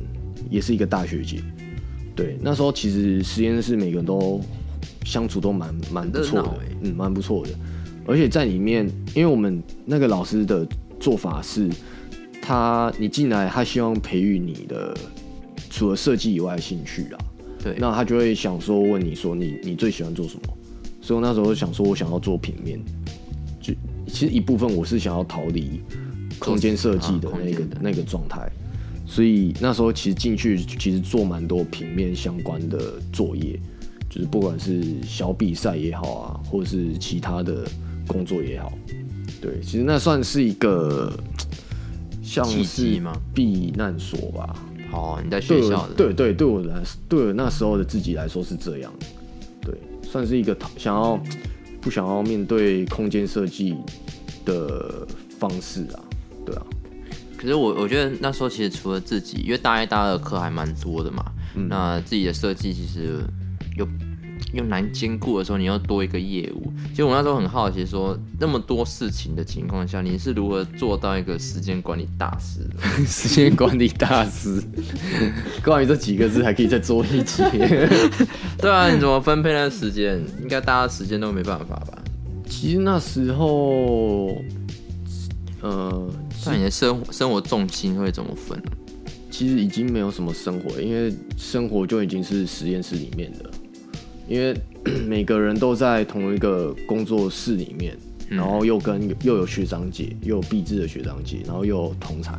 也是一個大學姐。對，那時候其實實驗室每個人都相處都蠻蠻不錯的、欸，嗯，蠻不錯的，、嗯、的，而且在裡面，因為我們那個老師的。做法是，他你進來，他希望培育你的除了設計以外的興趣啊。對，那他就會想說問你說你你最喜歡做什麼？所以我那時候想說我想要做平面，就其實一部分我是想要逃離空間設計的那個那個狀態，那個。所以那時候其實進去其實做蠻多平面相關的作業，就是不管是小比賽也好啊，或者是其他的工作也好。對，其實那算是一個像是避難所吧。技技好，你在學校的。對對對，我來對我那時候的自己來說是這樣的，對，算是一個想要、嗯、不想要面對空間設計的方式啊，對啊。可是我我覺得那時候其實除了自己，因為大一、大二課還蠻多的嘛、嗯，那自己的設計其實有。又難兼顧的時候，你要多一個業務。其實我那時候很好奇說，說那麼多事情的情況下，你是如何做到一個時間管理大師？ 時間管理大師， 關於這幾個字還可以再做一集。 對啊，你怎麼分配那時間？應該大家的時間都沒辦法吧？其實那時候，呃，那你的生活生活重心會怎麼分？其實已經沒有什麼生活，因為生活就已經是實驗室裡面的。因為每個人都在同一個工作室裡面，嗯、然後又跟又有學長姐，又有畢制的學長姐，然後又有同才。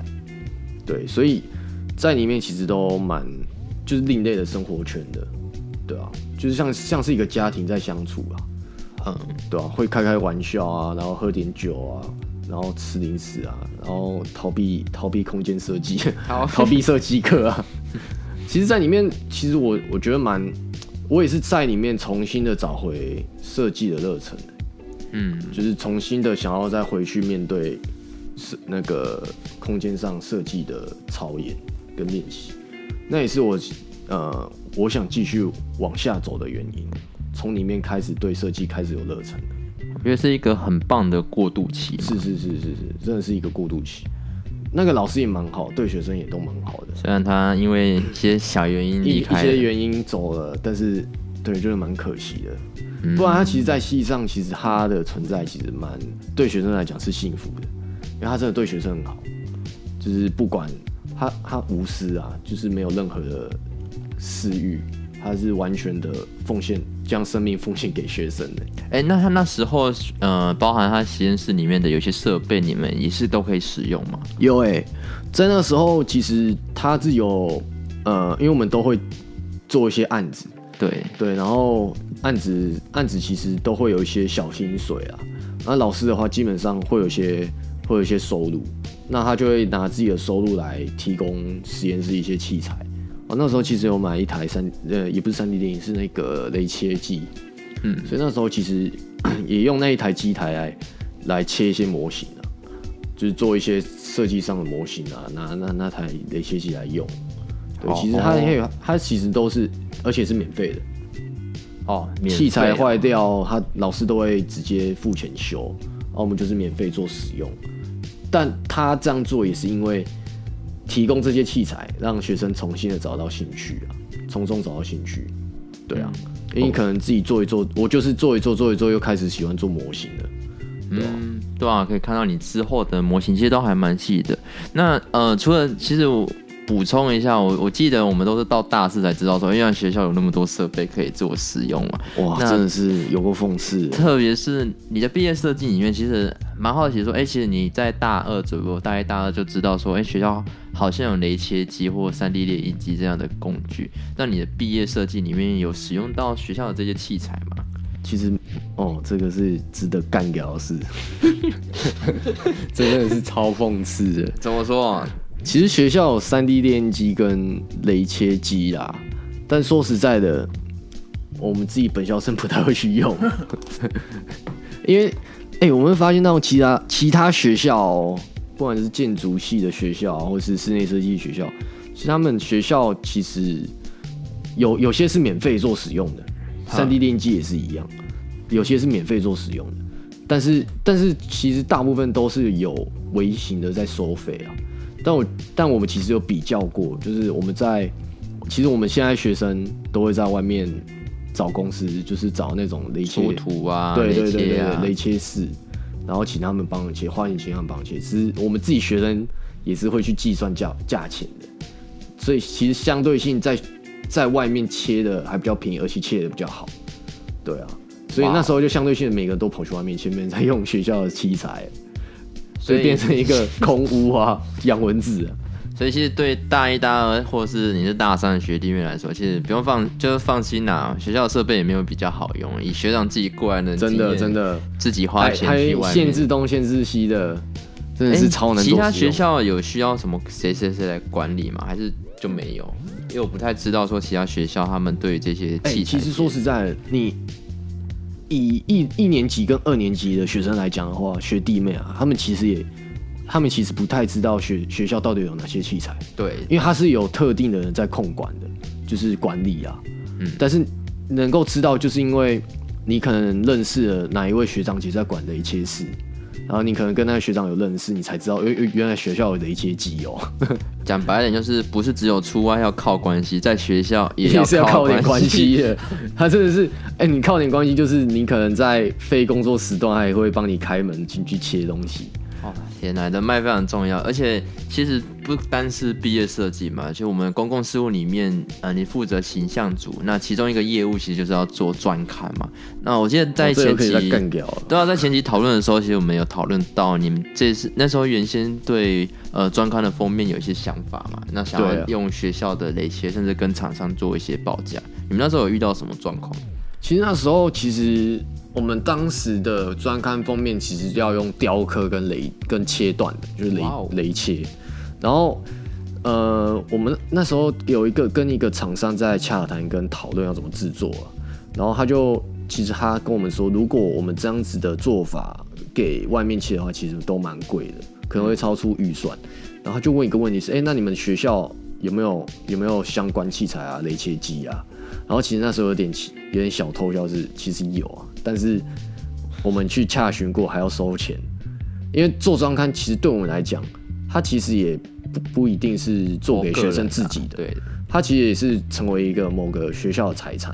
對，所以在裡面其實都蠻就是另類的生活圈的，對啊，就是像像是一個家庭在相處啊，嗯，對啊，會開開玩笑啊，然後喝點酒啊，然後吃零食啊，然後逃避逃避空間設計，逃避設計課啊 其，其實，在裡面其實我我覺得蠻。我也是在裡面重新的找回設計的熱忱，嗯，就是重新的想要再回去面對那個空間上設計的操演跟練習，那也是我呃我想繼續往下走的原因，從裡面開始對設計開始有熱忱的，因為是一個很棒的過渡期，是是是是是，真的是一個過渡期。那個老師也蠻好，對學生也都蠻好的。雖然他因為一些小原因離開了 一，一些原因走了，但是對，就是蠻可惜的。不然他其實在系上，其實他的存在其實蠻對學生來講是幸福的，因為他真的對學生很好，就是不管他，他無私啊，就是沒有任何的私慾，他是完全的奉獻。將生命奉獻給學生的，欸。哎、欸，那他那時候，呃，包含他實驗室裡面的有些設備，你們也是都可以使用嗎？有哎、欸，在那時候，其實他是有，呃，因為我們都會做一些案子，對對，然後案子案子其實都會有一些小薪水啊。那老師的話，基本上會有些會有一些收入，那他就會拿自己的收入來提供實驗室一些器材。我、哦、那時候其實有買一台三呃，也不是三 D 電影，是那個雷切機，嗯，所以那時候其實也用那一台機台來來切一些模型啊，就是做一些設計上的模型啊，拿那那，那台雷切機來用。對，哦、其實它也有、哦，它其實都是，而且是免費的。哦，啊、器材壞掉，他老師都會直接付錢修，然後我們就是免費做使用。但他這樣做也是因為。提供這些器材，讓學生重新的找到興趣啊，從中找到興趣，對啊，嗯，因為你可能自己做一做，Okay. 我就是做一做做一做，又開始喜歡做模型了，對啊，嗯，對啊，可以看到你之後的模型其實都還蠻細的。那呃，除了其實我。補充一下，我我記得我們都是到大四才知道說，因為學校有那麼多設備可以做使用了。哇那，真的是有個諷刺。特別是你的畢業設計裡面，其實蠻好奇說，哎、欸，其實你在大二左右，大一大二就知道說，哎、欸，學校好像有雷切機或三 D 列印機這樣的工具。那你的畢業設計裡面有使用到學校的這些器材嗎？其實，哦，這個是值得幹掉的事， 這真的是超諷刺的。怎麼說、啊？其實學校有三 D 列印機跟雷切機啦，但說實在的，我們自己本校生不太會去用， 因為，哎、欸，我們會發現到其他其他學校、喔，不管是建築系的學校、啊、或是室內設計學校，其實他們學校其實有有些是免費做使用的，三 D 列印機也是一樣，有些是免費做使用的，但是但是其實大部分都是有微型的在收費啊。但我但我們其實有比較過，就是我們在其實我們現在的學生都會在外面找公司，就是找那種雷切圖啊，對對對對，對雷切師、啊，然後請他們幫你切，花錢請他們幫你切。其實我們自己學生也是會去計算價價錢的，所以其實相對性在在外面切的還比較便宜，而且切的比較好。對啊，所以那時候就相對性，每個人都跑去外面，前面在用學校的器材。所以變成一個空屋啊，養蚊子。所以其實對大一、大二，或是你是大三的學弟妹來說，其實不用放，就放心啦、啊。學校的設備也沒有比較好用。以學長自己過來的，真的真的自己花錢去外面限制東、限制西的，真的是超能。其他學校有需要什麼誰誰誰來管理嗎？還是就沒有？因為我不太知道說其他學校他們對於這些器材。其實說實在，你。以一一年級跟二年級的學生來講的話，學弟妹啊，他們其實也，他們其實不太知道學學校到底有哪些器材。對，因為他是有特定的人在控管的，就是管理啊。嗯，但是能夠知道，就是因為你可能認識了哪一位學長姐在管的一切事。然後你可能跟那個學長有認識，你才知道，原原來學校有的一些機友，講白點就是，不是只有出外要靠關係，在學校也，要也是要靠點關係的。 他真的是，哎、欸，你靠點關係，就是你可能在非工作時段，他也會幫你開門進去切東西。天吶，人脈非常重要，而且其實不單是畢業設計嘛，就我們公共事務裡面，呃，你負責形象組，那其中一個業務其實就是要做專刊嘛。那我記得在前期、啊，對啊，在前期討論的時候，其實我們有討論到你們這是那時候原先對呃專刊的封面有一些想法嘛，那想要用學校的雷切、啊，甚至跟廠商做一些報價。你們那時候有遇到什麼狀況？其實那時候其實。我們當時的專刊封面其實要用雕刻跟雷跟切斷的，就是雷、wow、雷切。然後，呃，我們那時候有一個跟一個廠商在洽談跟討論要怎麼製作，啊，然後他就其實他跟我們說，如果我們這樣子的做法給外面切的話，其實都蠻貴的，可能會超出預算，嗯。然後他就問一個問題是，哎、欸，那你們學校有沒有有沒有相關器材啊，雷切機啊？然後其實那時候有點有點小偷笑是，是其實有啊。但是我們去洽詢過，還要收錢，因為做專刊其實對我們來講，它其實也不不一定是做給學生自己的，哦啊，對，它其實也是成為一個某個學校的財產，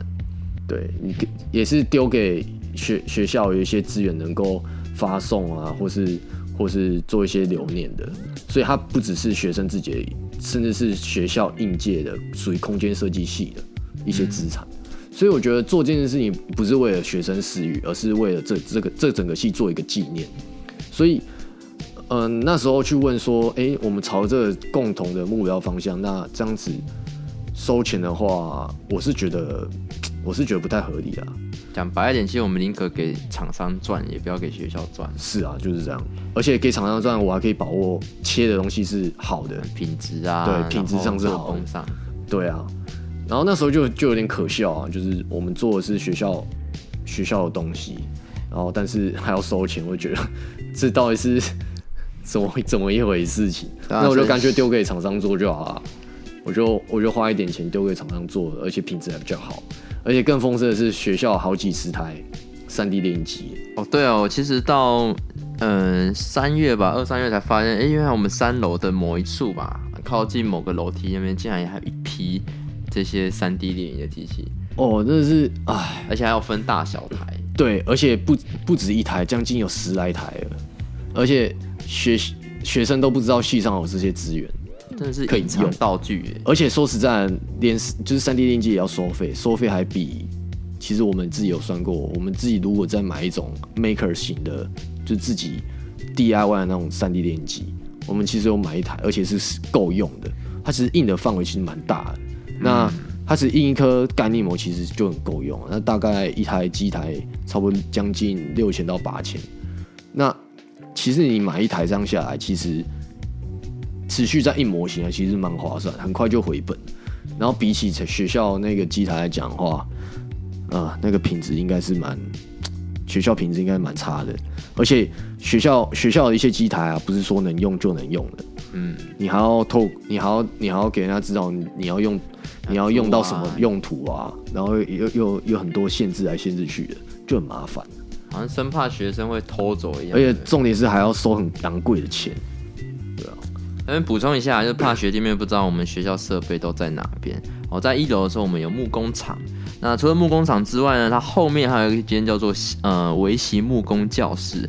對你也是丟給學學校有一些資源能夠發送啊，或是或是做一些留念的，所以它不只是學生自己的，甚至是學校硬件的，屬於空間設計系的一些資產。嗯所以我覺得做這件事情不是為了學生私慾，而是為了這這個這整個系做一個紀念。所以，嗯、呃，那時候去問說，哎，我們朝着共同的目標方向，那這樣子收錢的話，我是覺得，我是覺得不太合理啊。講白一點心，其實我們寧可給廠商賺，也不要給學校賺。是啊，就是這樣。而且給廠商賺，我還可以把握切的東西是好的品質啊，對，品質上是好。好，對啊。然後那時候就就有點可笑啊，就是我們做的是學校學校的東西，然後但是還要收錢，我就覺得這到底是怎麼怎麼一回事情，啊，那我就乾脆丟給廠商做就好了，我就我就花一點錢丟給廠商做，而且品質還比較好，而且更豐盛的是學校好幾十台三 D 電影機哦，對哦、啊，其實到嗯呃、三月吧，二三月才發現，哎，原來我們三樓的某一處吧，靠近某個樓梯那邊，竟然也還有一批。這些 3D 列印的機器哦，oh, 真的是哎，而且還要分大小台。對，而且不不止一台，將近有十來台了。而且學學生都不知道系上有這些資源，真的是可以用道具。而且說實在，連就是 3D 列印機，也要收費，收費還比其實我們自己有算過，我們自己如果再買一種 Maker 型的，就自己 DIY 的那種 3D 列印機，我們其實有買一台，而且是夠用的。它其實印的範圍其實蠻大的。那它是印一顆干粒膜，其實就很夠用。那大概一台機台，差不多將近六千到八千。那其實你買一台這樣下來，其實持續在印模型啊，其實蠻划算，很快就回本。然後比起學校那個機台來講的話，啊、呃，那個品質應該是蠻，學校品質應該蠻差的。而且學校學校的一些機台啊，不是說能用就能用的。嗯，你還要偷，你還要，你還要給人家知道你，你要用，你要用到什麼用途啊？嗯、然後又又有很多限制來限制去的，就很麻煩。好像生怕學生會偷走一樣。而且重點是還要收很昂貴的錢。對啊，那邊補充一下，就怕學弟妹不知道我們學校設備都在哪邊。哦， 在一樓的時候我們有木工廠。那除了木工廠之外呢，它後面還有一間叫做呃維席木工教室。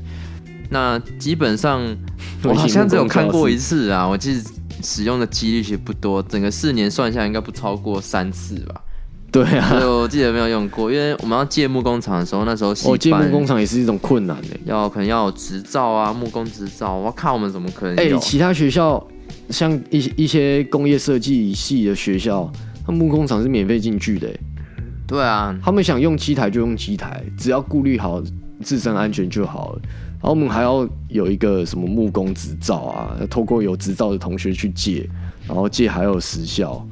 那基本上，我好像只有看過一次啊。我記使用的幾率其實不多，整個四年算下來應該不超過三次吧。對啊，我記得沒有用過，因為我們要借木工廠的時候，那時候我、哦、借木工廠也是一種困難的、欸，要可能要有執照啊，木工執照。我要看我們怎麼可能？哎、欸，其他學校像一一些工業設計系的學校，那木工廠是免費進去的欸。對啊，他們想用機台就用機台，只要顧慮好自身安全就好了。嗯然後我們還要有一個什麼木工執照啊，要透過有執照的同學去借，然後借還有時效，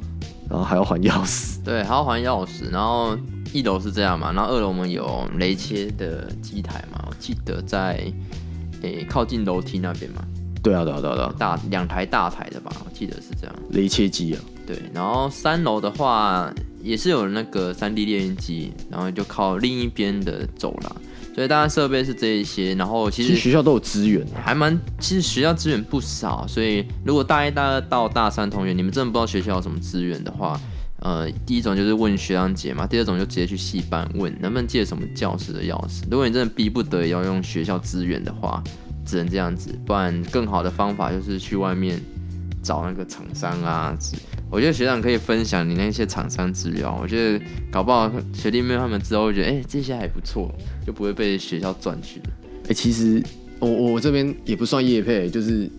然後還要還鑰匙。對，還要還鑰匙。然後一樓是這樣嘛，然後二樓我們有雷切的機台嘛，我記得在誒靠近樓梯那邊嘛。對啊，對啊，對啊，對啊，大兩台大台的吧，我記得是這樣。雷切機啊。對，然後三樓的話也是有那個 3D 列印機，然後就靠另一邊的走廊。所以，大家設備是這一些，然後其實，其實學校都有資源啊，還蠻其實學校資源不少。所以，如果大一、大二到大三同學，你們真的不知道學校有什麼資源的話，呃，第一種就是問學長姐嘛，第二種就直接去系辦問能不能借什麼教室的鑰匙。如果你真的逼不得已要用學校資源的話，只能這樣子，不然更好的方法就是去外面。找那個廠商啊，我覺得學長可以分享你那些廠商資料，我覺得搞不好學弟妹他們之後覺得，哎、欸，這些還不錯，就不會被學校賺去了。欸、其實我我這邊也不算業配，就是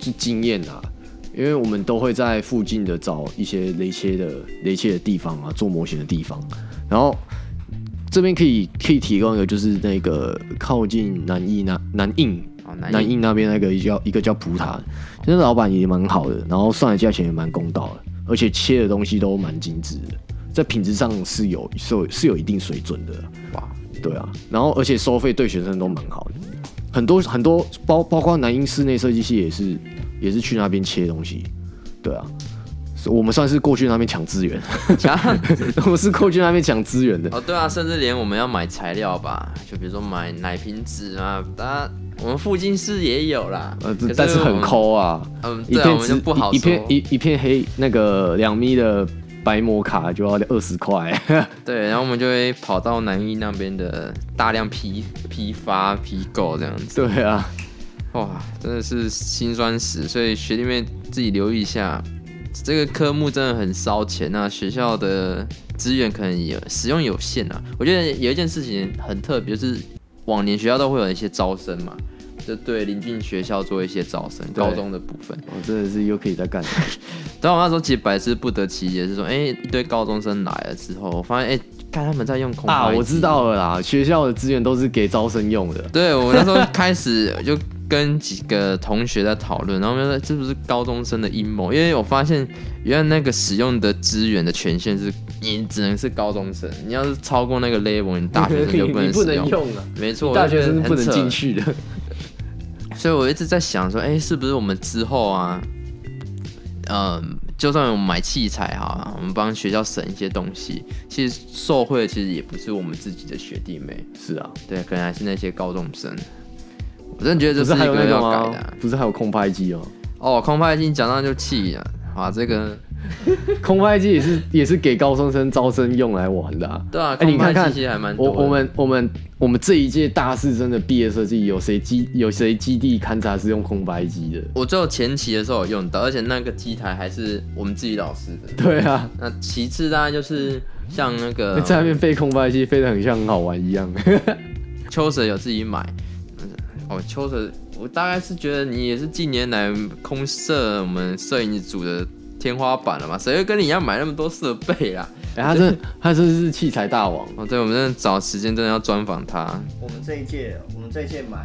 就經驗啊，因為我們都會在附近的找一些雷切的雷切的地方啊，做模型的地方，然後這邊可以可以提供一個就是那個靠近南藝南南印。南印那邊那個，一個叫一個叫葡萄，其實老闆也蠻好的，然後算的價錢也蠻公道的，而且切的東西都蠻精緻的，在品質上是有是有是有一定水準的。哇，對啊，然後而且收費對學生都蠻好的，很多很多包包括南印室內設計系也是也是去那邊切的東西，對啊，所以我們算是過去那邊搶資源， 我們是過去那邊搶資源的。 哦，對啊，甚至連我們要買材料吧，就比如說買奶瓶子啊，大家。我們附近是也有啦，呃，是但是很摳啊，嗯，對啊、一片我們就不好一片一一片黑，那個兩米的白摩卡就要二十塊， 對，然後我們就會跑到南藝那邊的大量批批發批購這樣子，對啊，哇，真的是心酸死，所以學弟妹自己留意一下，這個科目真的很燒錢吶、啊，學校的資源可能也使用有限啊。我覺得有一件事情很特別、就是。往年學校都會有一些招生嘛，就對臨近學校做一些招生，高中的部分。我、哦、真的是又可以再幹。但 我那時候其實百思不得其解，是說，哎、欸，一堆高中生來了之後，我發現，哎、欸，看他們在用空。空啊，我知道了啦，學校的資源都是給招生用的。 對，我那時候開始就。跟幾個同學在討論，然後我說：“這不是高中生的陰謀，因為我發現原來那個使用的資源的權限是你只能是高中生，你要是超過那個 level，你大學生就不能使用了，啊。沒錯，大學生是不能進去的。所以我一直在想說：“哎，欸，是不是我們之後啊？嗯，呃，就算我們買器材哈，我們幫學校省一些東西，其實受惠的其實也不是我們自己的學弟妹。”是啊，對，可能還是那些高中生。我真覺得這是一個是有那種要改的、啊，不是還有空拍機哦？哦，空拍機講到就氣了啊！這個 空拍機也是也是給高中生、生招生用來玩的、啊。對啊，哎、欸，你看看，我我們我們我們這一屆大四生的畢業設計，有誰基有誰基地勘察是用空拍機的？我最後前期的時候有用的，而且那個機台還是我們自己老師的。對啊，那其次大概就是像那個、欸、在那邊飛空拍機，飛得很像很好玩一樣。 Chiu 攝有自己買。哦，Chiu 攝，我大概是覺得你也是近年來空設我們攝影組的天花板了嘛？誰會跟你一樣買那麼多設備啊？哎、欸，他是， 他是是器材大王哦。對，我們真的找時間真的要專訪他。我們這一屆，我們這一屆買，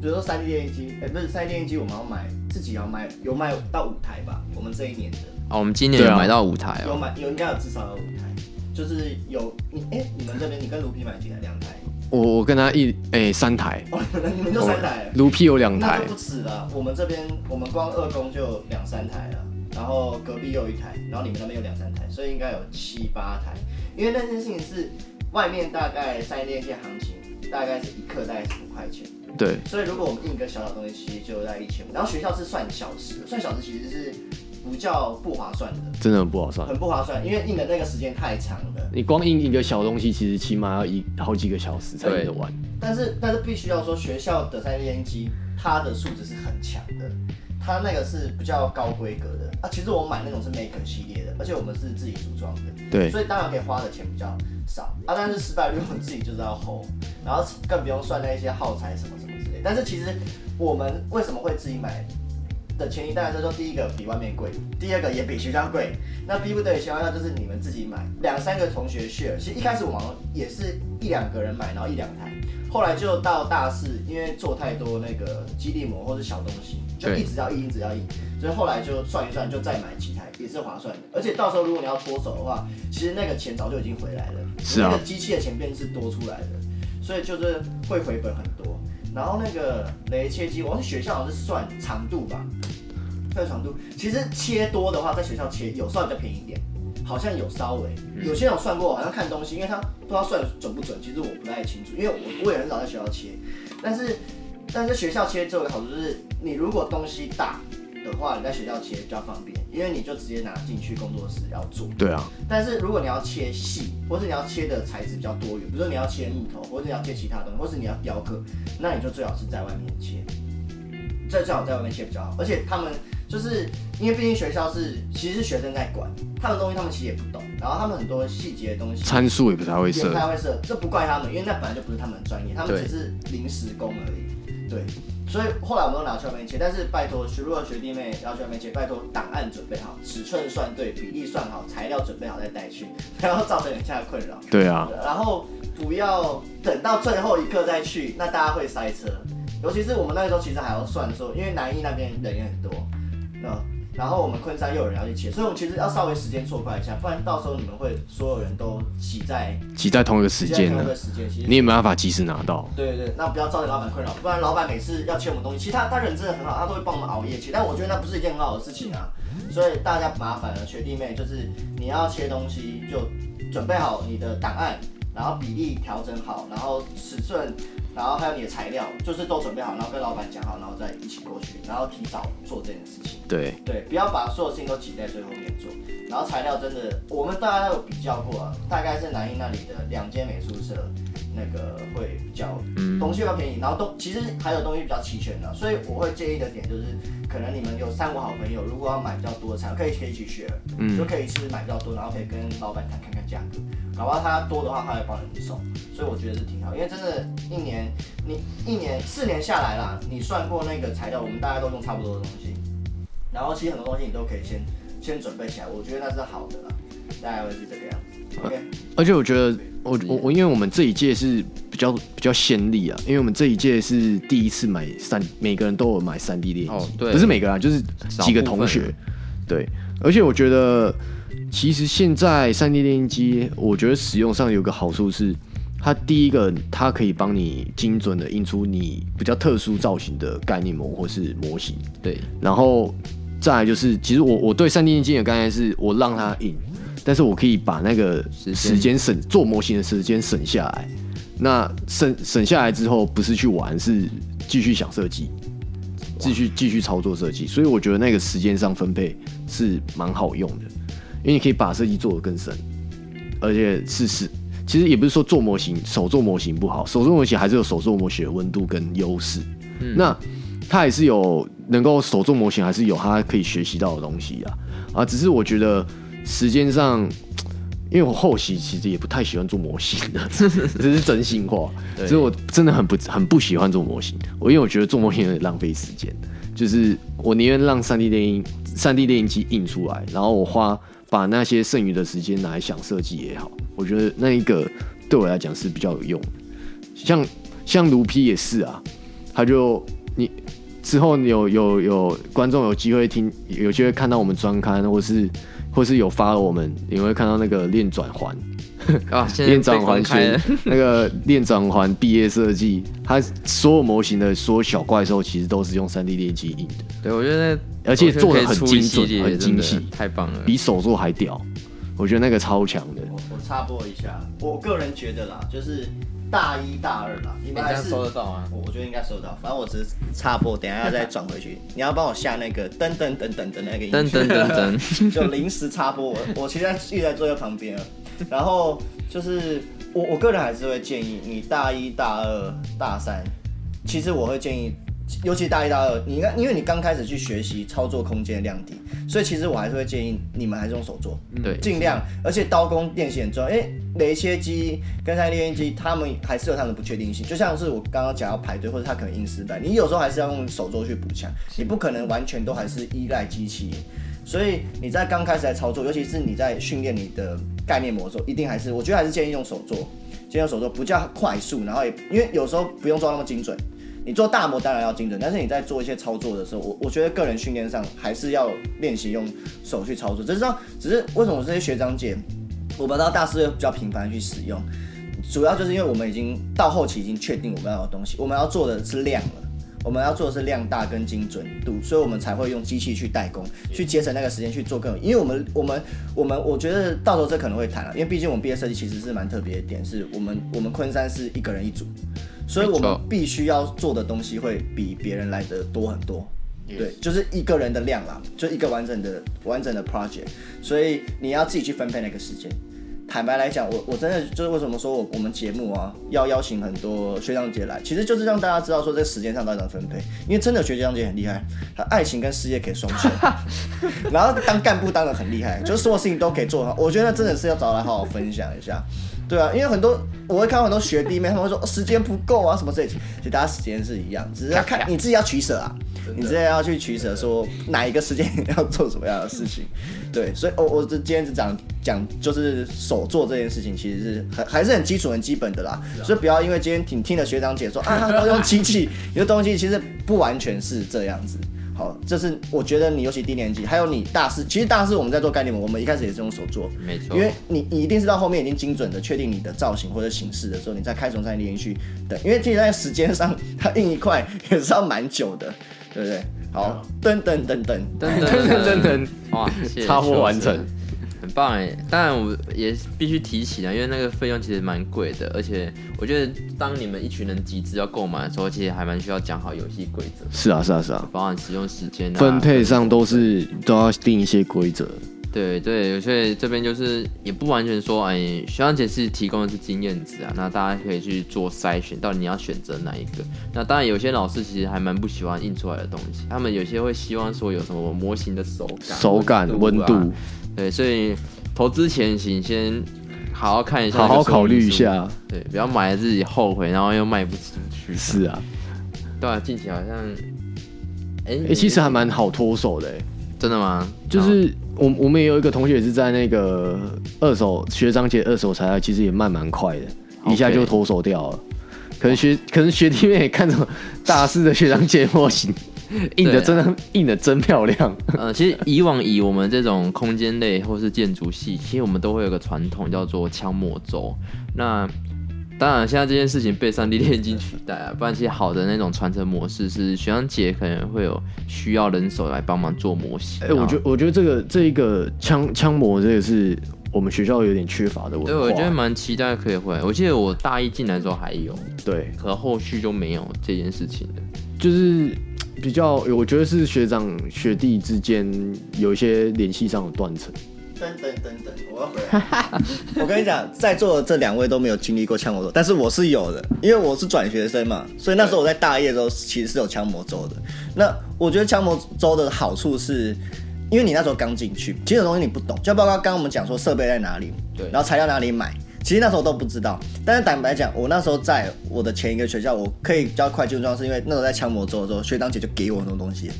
比如說三 D 電影機。哎、欸，不是三 D 電影機，我們要買自己要買，有買到五台吧？我們這一年的。哦，我們今年有買到五台啊、哦，有買，有應該有至少有五台，就是有你，哎、欸，你們這邊你跟盧皮買幾台？兩台。我我跟他一哎、欸、三台，oh, 你們就三台，盧 P 有兩台，不止了。我們這邊我們光二宮就兩三台了，然後隔壁又一台，然後你們那邊有兩三台，所以應該有七八台。因為那件事情是外面大概三那些行情，大概是一克大概十五塊錢，對。所以如果我們印一個小小東西，其實就在一千五。然後學校是算小時，算小時其實是。不叫不划算的，真的很不划算，很不划算，因為印的那個時間太長了。你光印一個小東西，其實起碼要一好幾個小時才印得完。對。但是但是必須要說，學校的 3D 打印機它的素質是很強的，它那個是比較高規格的啊。其實我買那種是 Maker 系列的，而且我們是自己組裝的。對。所以當然可以花的錢比較少啊，但是失敗率我們自己就知道扛，然後更不用算那一些耗材什麼什麼之類。但是其實我們為什麼會自己買？前一代的權益，當然就是說，第一個比外面貴，第二個也比學校貴。那逼不得已情況下，就是你們自己買，兩三個同學 share，其實一開始我們也是一兩個人買，然後一兩台，後來就到大四，因為做太多那個基地模或是小東西，就一直要印，一直要印，所以後來就算一算，就再買幾台也是划算的。而且到時候如果你要脫手的話，其實那個錢早就已經回來了，是哦，那個機器的錢變是多出來的，所以就是會回本很多。然後那個雷切機，我在學校好像是算長度吧，算長度。其實切多的話，在學校切有算的便宜一點，好像有稍微。有些人有算過，我好像看東西，因為他不知道算準不準。其實我不太清楚，因為我我也很少在學校切。但是，但是學校切做的好處就是，你如果東西大，的話，你在學校切比較方便，因為你就直接拿進去工作室要做。對啊。但是如果你要切細，或是你要切的材質比較多元，比如說你要切木頭，或者你要切其他東西，或是你要雕刻，那你就最好是在外面切。這最好在外面切比較好。而且他們就是，因為畢竟學校是，其實是學生在管，他們東西他們其實也不懂，然後他們很多細節的東西，參數也不太會設，不太會設。這不怪他們，因為那本來就不是他們的專業，他們只是臨時工而已，對。所以後來我們都拿去外面切，但是拜託，如果學弟妹要去外面切，拜託檔案準備好，尺寸算對，比例算好，材料準備好再帶去，然後造成以下困擾。對啊，然後不要等到最後一刻再去，那大家會塞車，尤其是我們那時候其實還要算的時候，因為南藝那邊人也很多，那。然後我們昆山又有人要去切，所以我們其實要稍微時間錯開一下，不然到時候你們會所有人都擠在擠在同一個時間了。你也沒辦法及時拿到。對對對，那不要造成老闆困擾，不然老闆每次要切我們東西，其實他他人真的很好，他都會幫我們熬夜切。但我覺得那不是一件很好的事情啊。所以大家麻煩了，學弟妹，就是你要切東西就準備好你的檔案。然後比例調整好，然後尺寸，然後還有你的材料，就是都準備好，然後跟老闆講好，然後再一起過去，然後提早做這件事情。對對，不要把所有事情都擠在最後面做。然後材料真的，我們大家有比較過啊，大概是南藝那裡的兩間美術社。那個會比較東西比較便宜，然後都，其實還有東西比較齊全的，所以我會建議的點就是，可能你們有三五好朋友，如果要買比較多的材料，可以可以一起學。嗯，就可以是買比較多，然後可以跟老板談看看價格，搞不好他多的話他會幫你送，所以我覺得是挺好，因為真的一，一年你一年四年下來啦，你算過那個材料，我們大家都用差不多的東西，然後其實很多東西你都可以先先準備起來，我覺得那是好的啦，大概會是這個樣子。Okay. 而且我覺得，我我我，因為我們這一屆是比較比較先例啊，因為我們這一屆是第一次買三，每個人都有買三 D 列印機。對，不是每個人，就是幾個同學，對。而且我覺得，其實現在三 D 列印機，我覺得使用上有個好處是，它第一個它可以幫你精準的印出你比較特殊造型的概念模或是模型，對。然後再來就是，其實我我對三 D 列印機的概念是我讓它印。但是我可以把那個時間省時，做模型的時間省下來。那省省下來之後，不是去玩，是繼續想設計，繼續繼續操作設計。所以我覺得那個時間上分配是蠻好用的，因為你可以把設計做得更深，而且是是，其實也不是說做模型手做模型不好，手做模型還是有手做模型的溫度跟優勢。嗯。那它還是有能夠手做模型，還是有它可以學習到的東西呀。啊，只是我覺得。時間上，因為我後期其實也不太喜歡做模型的，這是真心話。所 以我真的很不很不喜歡做模型，我因為我覺得做模型有點浪費時間，就是我寧願讓三 D 電影三 D 電影機印出來，然後我花把那些剩餘的時間拿來想設計也好，我覺得那一個對我來講是比較有用的。像像盧皮也是啊，他就你之後有有有觀眾有機會聽，有機會看到我們專刊或是。或是有發了我們，你們會看到那個鏈轉環，鏈轉環圈， 那個鏈轉環畢業設計，它所有模型的 所有小怪獸其實都是用三 D 列印機印的。對，我覺得那而且做得很精準、很精細，太棒了，比手做還屌。我覺得那個超強的。我插播一下，我個人覺得啦，就是。大一、大二吧，你們還是，我我覺得應該收得到。反正我只是插播，等一下要再轉回去。你要幫我下那個噔噔噔噔的那個音，噔噔噔，就臨時插播我。我 我其實一直在坐在旁邊，然後就是我我個人還是會建議你大一、大二、大三，其實我會建議。尤其大一、大二，你應該，因為你剛開始去學習操作空間的量體，所以其實我還是會建議你們還是用手做，對，盡量。而且刀工很重要、電線樁，哎，雷切機跟台電機，他們還是有他們的不確定性。就像是我剛剛講要排隊，或者他可能硬失敗，你有時候還是要用手做去補強，你不可能完全都還是依賴機器。所以你在剛開始來操作，尤其是你在訓練你的概念模式，一定還是，我覺得還是建議用手做，先用手做，不叫快速，然後也因為有時候不用做那麼精準。你做大模，當然要精準，但是你在做一些操作的時候，我我覺得個人訓練上還是要練習用手去操作。只是知道，只是為什麼這些學長姐我們到大四比較頻繁去使用，主要就是因為我們已經到後期已經確定我們要的東西，我們要做的是量了，我們要做的是量大跟精準度，所以我們才會用機器去代工，去節省那個時間去做更多。因為我們，我們，我們，我覺得到時候這可能會談了啊，因為畢竟我們畢業設計其實是蠻特別的點，是我們，我們昆山是一個人一組。所以我們必須要做的東西會比別人來的多很多，Yes. 對，就是一個人的量啦，就一個完整的完整的 project，所以你要自己去分配那個時間。坦白來講，我我真的就是為什麼說我我們節目啊要邀請很多學長姐來，其實就是讓大家知道說在時間上該怎麼分配，因為真的學長姐很厲害，他愛情跟事業可以雙全， 然後當幹部當然很厲害，就是什麼事情都可以做好。我覺得真的是要找來好好分享一下。 對啊，因為很多我會看到很多學弟妹，他們會說、哦、時間不夠啊，什麼之類？其實大家時間是一樣，只是要看你自己要取舍啊，真的你自己要去取舍，說哪一個時間你要做什麼樣的事情。對，所以、哦、我我這今天只講講，就是手做這件事情，其實是很還是很基礎、很基本的啦。啊、所以不要因為今天你聽了學長姐說啊要用機器， 有些東西其實不完全是這樣子。好，這是我覺得你尤其低年級，還有你大四，其實大四我們在做概念模，我們一開始也是用手做，沒錯，因為你你一定是到後面已經精準的確定你的造型或者形式的時候，你再開始再連續等，因為其實在時間上它印一塊也是要蠻久的，對不對？好，噔噔噔噔噔噔噔噔，噔 差不多完成。很棒哎、欸，當然我也必須提起啦，因為那個費用其實蠻貴的，而且我覺得當你們一群人集資要購買的時候，其實還蠻需要講好遊戲規則。是啊是啊是啊，包含使用時間、啊、分配上都是都要定一些規則。對對，所以這邊就是也不完全說，哎、欸，學長姐是提供的是經驗值啊，那大家可以去做篩選，到底你要選擇哪一個。那當然有些老師其實還蠻不喜歡印出來的東西，他們有些會希望說有什麼模型的手感、手感、溫度、啊、溫度。對，所以投資前請先好好看一下，好好考慮一下。對，不要買了自己後悔，然後又賣不出去。是啊，對啊，近期好像，哎、欸欸，其實還蠻好脫手的、欸，真的嗎？就是我我們也有一個同學也是在那個二手學長姐二手材料，其實也賣蠻快的，一下就脫手掉了。Okay，可能學可能學弟妹也看到大四的學長姐模型。 印的真的印的真漂亮。呃，其實以往以我們這種空間類或是建築系， 其實我們都會有個傳統叫做槍模周。那當然，現在這件事情被 3D 列印取代啊，不然其實好的那種傳承模式是學長姐可能會有需要人手來幫忙做模型。哎，我覺得我覺得這個這一個槍槍模這個是我們學校有點缺乏的問題。對，我覺得蠻期待可以回來。我記得我大一進來的時候還有，對，可後續就沒有這件事情了，就是。比較、欸，我覺得是學長學弟之間有一些聯繫上的斷層。等等等等，我要回來。 我跟你講，在座的這兩位都沒有經歷過槍模週，但是我是有的，因為我是轉學生嘛，所以那時候我在大一的時候其實是有槍模週的。那我覺得槍模週的好處是，因為你那時候剛進去，其實有東西你不懂，就包括剛剛我們講說設備在哪裡，對，然後材料哪裡買。其實那時候都不知道，但是坦白講，我那時候在我的前一個學校，我可以比較快進入狀況，是因為那時候在槍模做的時候，學長姐就給我很多東西，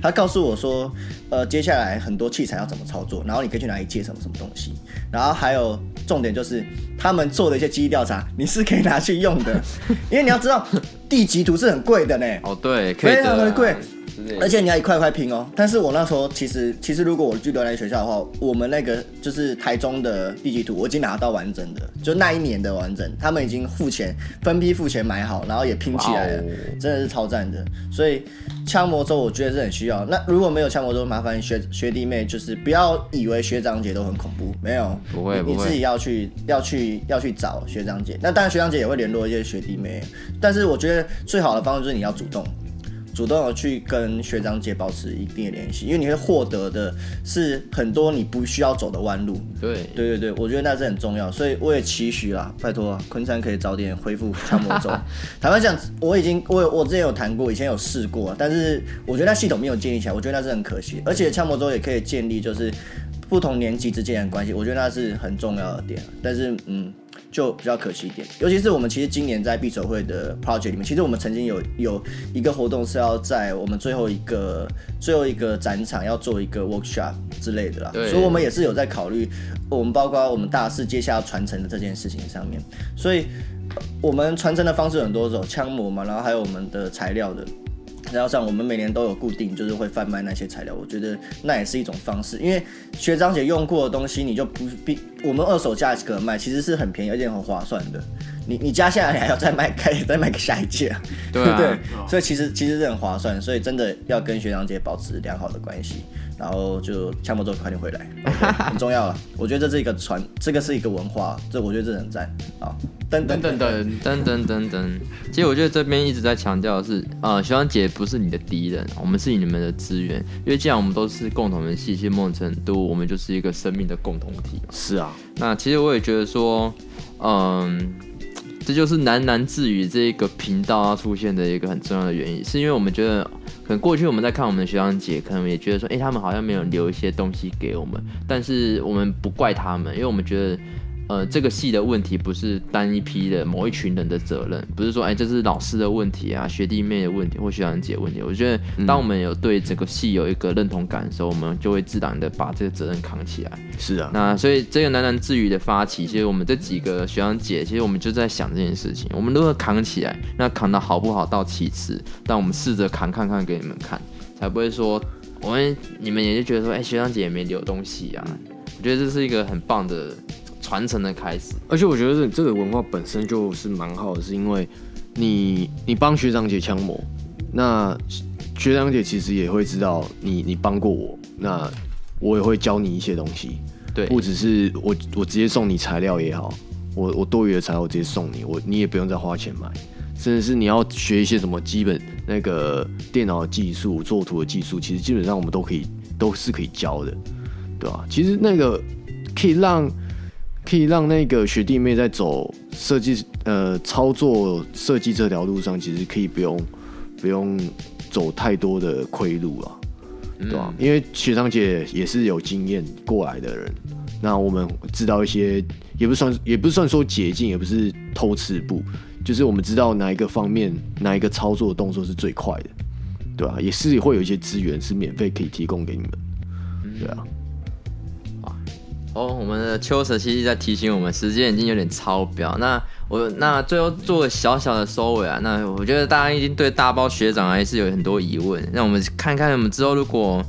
她告訴我說，呃，接下來很多器材要怎麼操作，然後你可以去哪裡借什麼什麼東西，然後還有重點就是他們做的一些基地調查，你是可以拿去用的， 因為你要知道地籍圖是很貴的呢。哦，對，非常貴。而且你要一塊塊拼哦。但是我那時候其實，其實如果我去留在學校的話，我們那個就是台中的地籍圖，我已經拿到完整的，就那一年的完整，他們已經付錢，分批付錢買好，然後也拼起來了，wow. 真的是超讚的。所以槍模週我覺得是很需要。那如果沒有槍模週，麻煩學，學弟妹就是不要以為學長姐都很恐怖，沒有，不會不會，你自己要去要去要去找學長姐。那當然學長姐也會聯絡一些學弟妹，但是我覺得最好的方式就是你要主動。主動的去跟學長姐保持一定的聯繫，因為你會獲得的是很多你不需要走的彎路。對對對對，我覺得那是很重要，所以我也期許啦。拜托啊，昆山可以早點恢復槍模週。 坦白講，我已經我我之前有談過，以前有試過，但是我覺得那系統沒有建立起來，我覺得那是很可惜。而且槍模週也可以建立，就是不同年級之間的關係，我覺得那是很重要的點。但是嗯。就比較可惜一點，尤其是我們其實今年在畢籌會的 project 裡面，其實我們曾經有有一個活動是要在我們最後一個最後一個展場要做一個 workshop 之類的啦，所以我們也是有在考慮，我們包括我們大四接下來傳承的這件事情上面，所以我們傳承的方式有很多種，槍模嘛，然後還有我們的材料的。然後像，我們每年都有固定，就是會販賣那些材料。我覺得那也是一種方式，因為學長姐用過的東西，你就不必，我們二手價格賣，其實是很便宜而且很划算的。你你加下來，你還要再賣給再賣給下一屆，對、啊、 對，對、哦，所以其實其實是很划算。所以真的要跟學長姐保持良好的關係，嗯、然後就槍模週快點回來， okay, 很重要了。我覺得這是一個傳，這個是一個文化，這我覺得這很讚啊。好登登登登登登登登，其實我覺得這邊一直在強調的是，呃，學長姐不是你的敵人，我們是你們的資源，因為既然我們都是共同的細西，某種程度，我們就是一個生命的共同體。是啊，那其實我也覺得說，嗯，這就是喃喃自語這一個頻道要出現的一個很重要的原因，是因為我們覺得，可能過去我們在看我們的學長姐，可能也覺得說，哎、欸，他們好像沒有留一些東西給我們，但是我們不怪他們，因為我們覺得。呃，這個系的問題不是單一批的某一群人的責任，不是說哎、欸、這是老師的問題啊，學弟妹的問題或學長姐的問題。我覺得當我們有對整個系有一個認同感的時候、嗯，我們就會自然的把這個責任扛起來。是啊，那所以這個喃喃自語的發起，其實我們這幾個學長姐，其實我們就在想這件事情，我們如何扛起來？那扛的好不好到其次，但我們試着扛看看，看，給你們看，才不會說我們你們也就覺得說，哎、欸、學長姐也沒留東西啊。我覺得這是一個很棒的。傳承的開始，而且我覺得這這個文化本身就是蠻好的，是因為你你幫學長姐槍模，那學長姐其實也會知道你你幫過我，那我也會教你一些東西，對，不只是我我直接送你材料也好，我我多餘的材料我直接送你，我你也不用再花錢買，甚至是你要學一些什麼基本那個電腦的技術、作圖的技術，其實基本上我們都可以都是可以教的，對吧？啊。其實那個可以讓可以讓那個學弟妹在走設計呃操作設計這條路上，其實可以不用不用走太多的虧路啊，對、嗯、吧？因為學長姐也是有經驗過來的人，那我們知道一些也不算也不算說捷徑，也不是偷吃步，就是我們知道哪一個方面哪一個操作的動作是最快的，對啊，也是會有一些資源是免費可以提供給你們，對啊。哦、oh，我們的 Chiu 攝西西在提醒我們，時間已經有點超標。那我那最後做個小小的收尾啊。那我覺得大家一定對大包學長還是有很多疑問。那我們看看我們之後，如果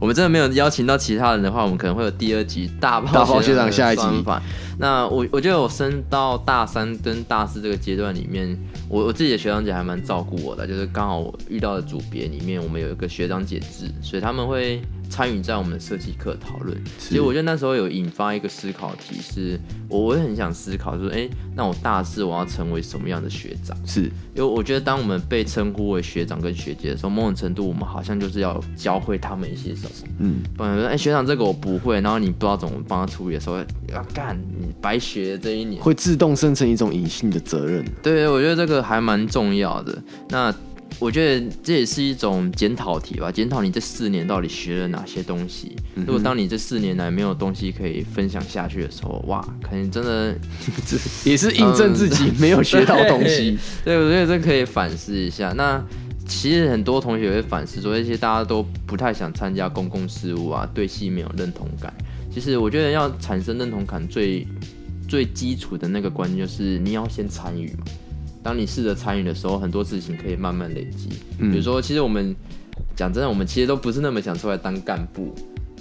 我們真的沒有邀請到其他人的話，我們可能會有第二集大包學長的算法。大包學長下一集。那我我覺得我升到大三跟大四這個階段裡面，我我自己的學長姐還蠻照顧我的，就是剛好我遇到的組別裡面我們有一個學長姐制，所以他們會。參與在我們的設計課討論，其實我覺得那時候有引發一個思考題，是我也很想思考，說，哎、欸，那我大四我要成為什麼樣的學長？是，因為我覺得當我們被稱呼為學長跟學姐的時候，某種程度我們好像就是要教會他們一些什麼。嗯，不能說哎、欸、學長這個我不會，然後你不知道怎麼幫他處理的時候，要、啊、幹你白學這一年，會自動生成一種隱性的責任。對，我覺得這個還蠻重要的。那。我覺得這也是一種檢討題吧，檢討你這四年到底學了哪些東西，嗯。如果當你這四年來沒有東西可以分享下去的時候，哇，可能真的 也是印證自己沒有學到東西 對對。對，我覺得這可以反思一下。那其實很多同學會反思說，一些大家都不太想參加公共事務啊，對系沒有認同感。其實我覺得要產生認同感最，最最基礎的那個關鍵就是你要先參與嘛。當你試着參與的時候，很多事情可以慢慢累積。比如說，嗯、其實我們講真的，我們其實都不是那麼想出來當幹部，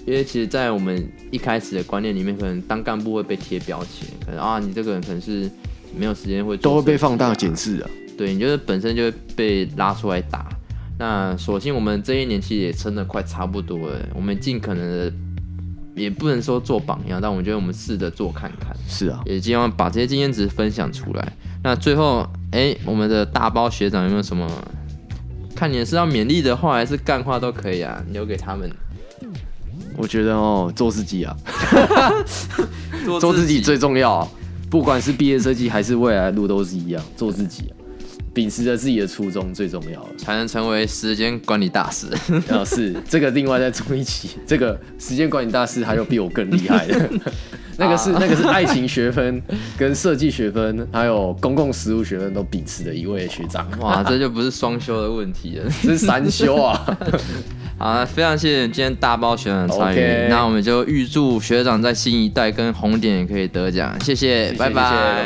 因為其實，在我們一開始的觀念裡面，可能當幹部會被貼標籤，可能啊，你這個人可能是沒有時間會都會被放大檢視啊，對，你就是本身就被拉出來打。那索性我們這一年其實也撐得快差不多了，我們盡可能的也不能說做榜樣，但我覺得我們試着做看看。是啊，也希望把這些經驗值分享出來。那最後，哎，我們的大包學長有沒有什麼？看你是要勉勵的話，還是幹話都可以啊，留給他們。我覺得哦，做自己啊， 做自己最重要啊。不管是畢業設計還是未來路，都是一樣，做自己啊。秉持着自己的初衷最重要，才能成為時間管理大師。啊， 是這個，另外再重一期，這個時間管理大師還有比我更厲害的。 那個是 那個是愛情學分、跟設計學分、還有公共實務學分都秉持的一位學長。哇，這就不是雙修的問題了，這是三修啊！啊， 非常謝謝你今天大包學長的參與，okay. 那我們就預祝學長在新一代跟紅點也可以得獎，謝謝，拜拜謝謝謝謝，拜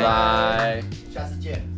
拜，下次見。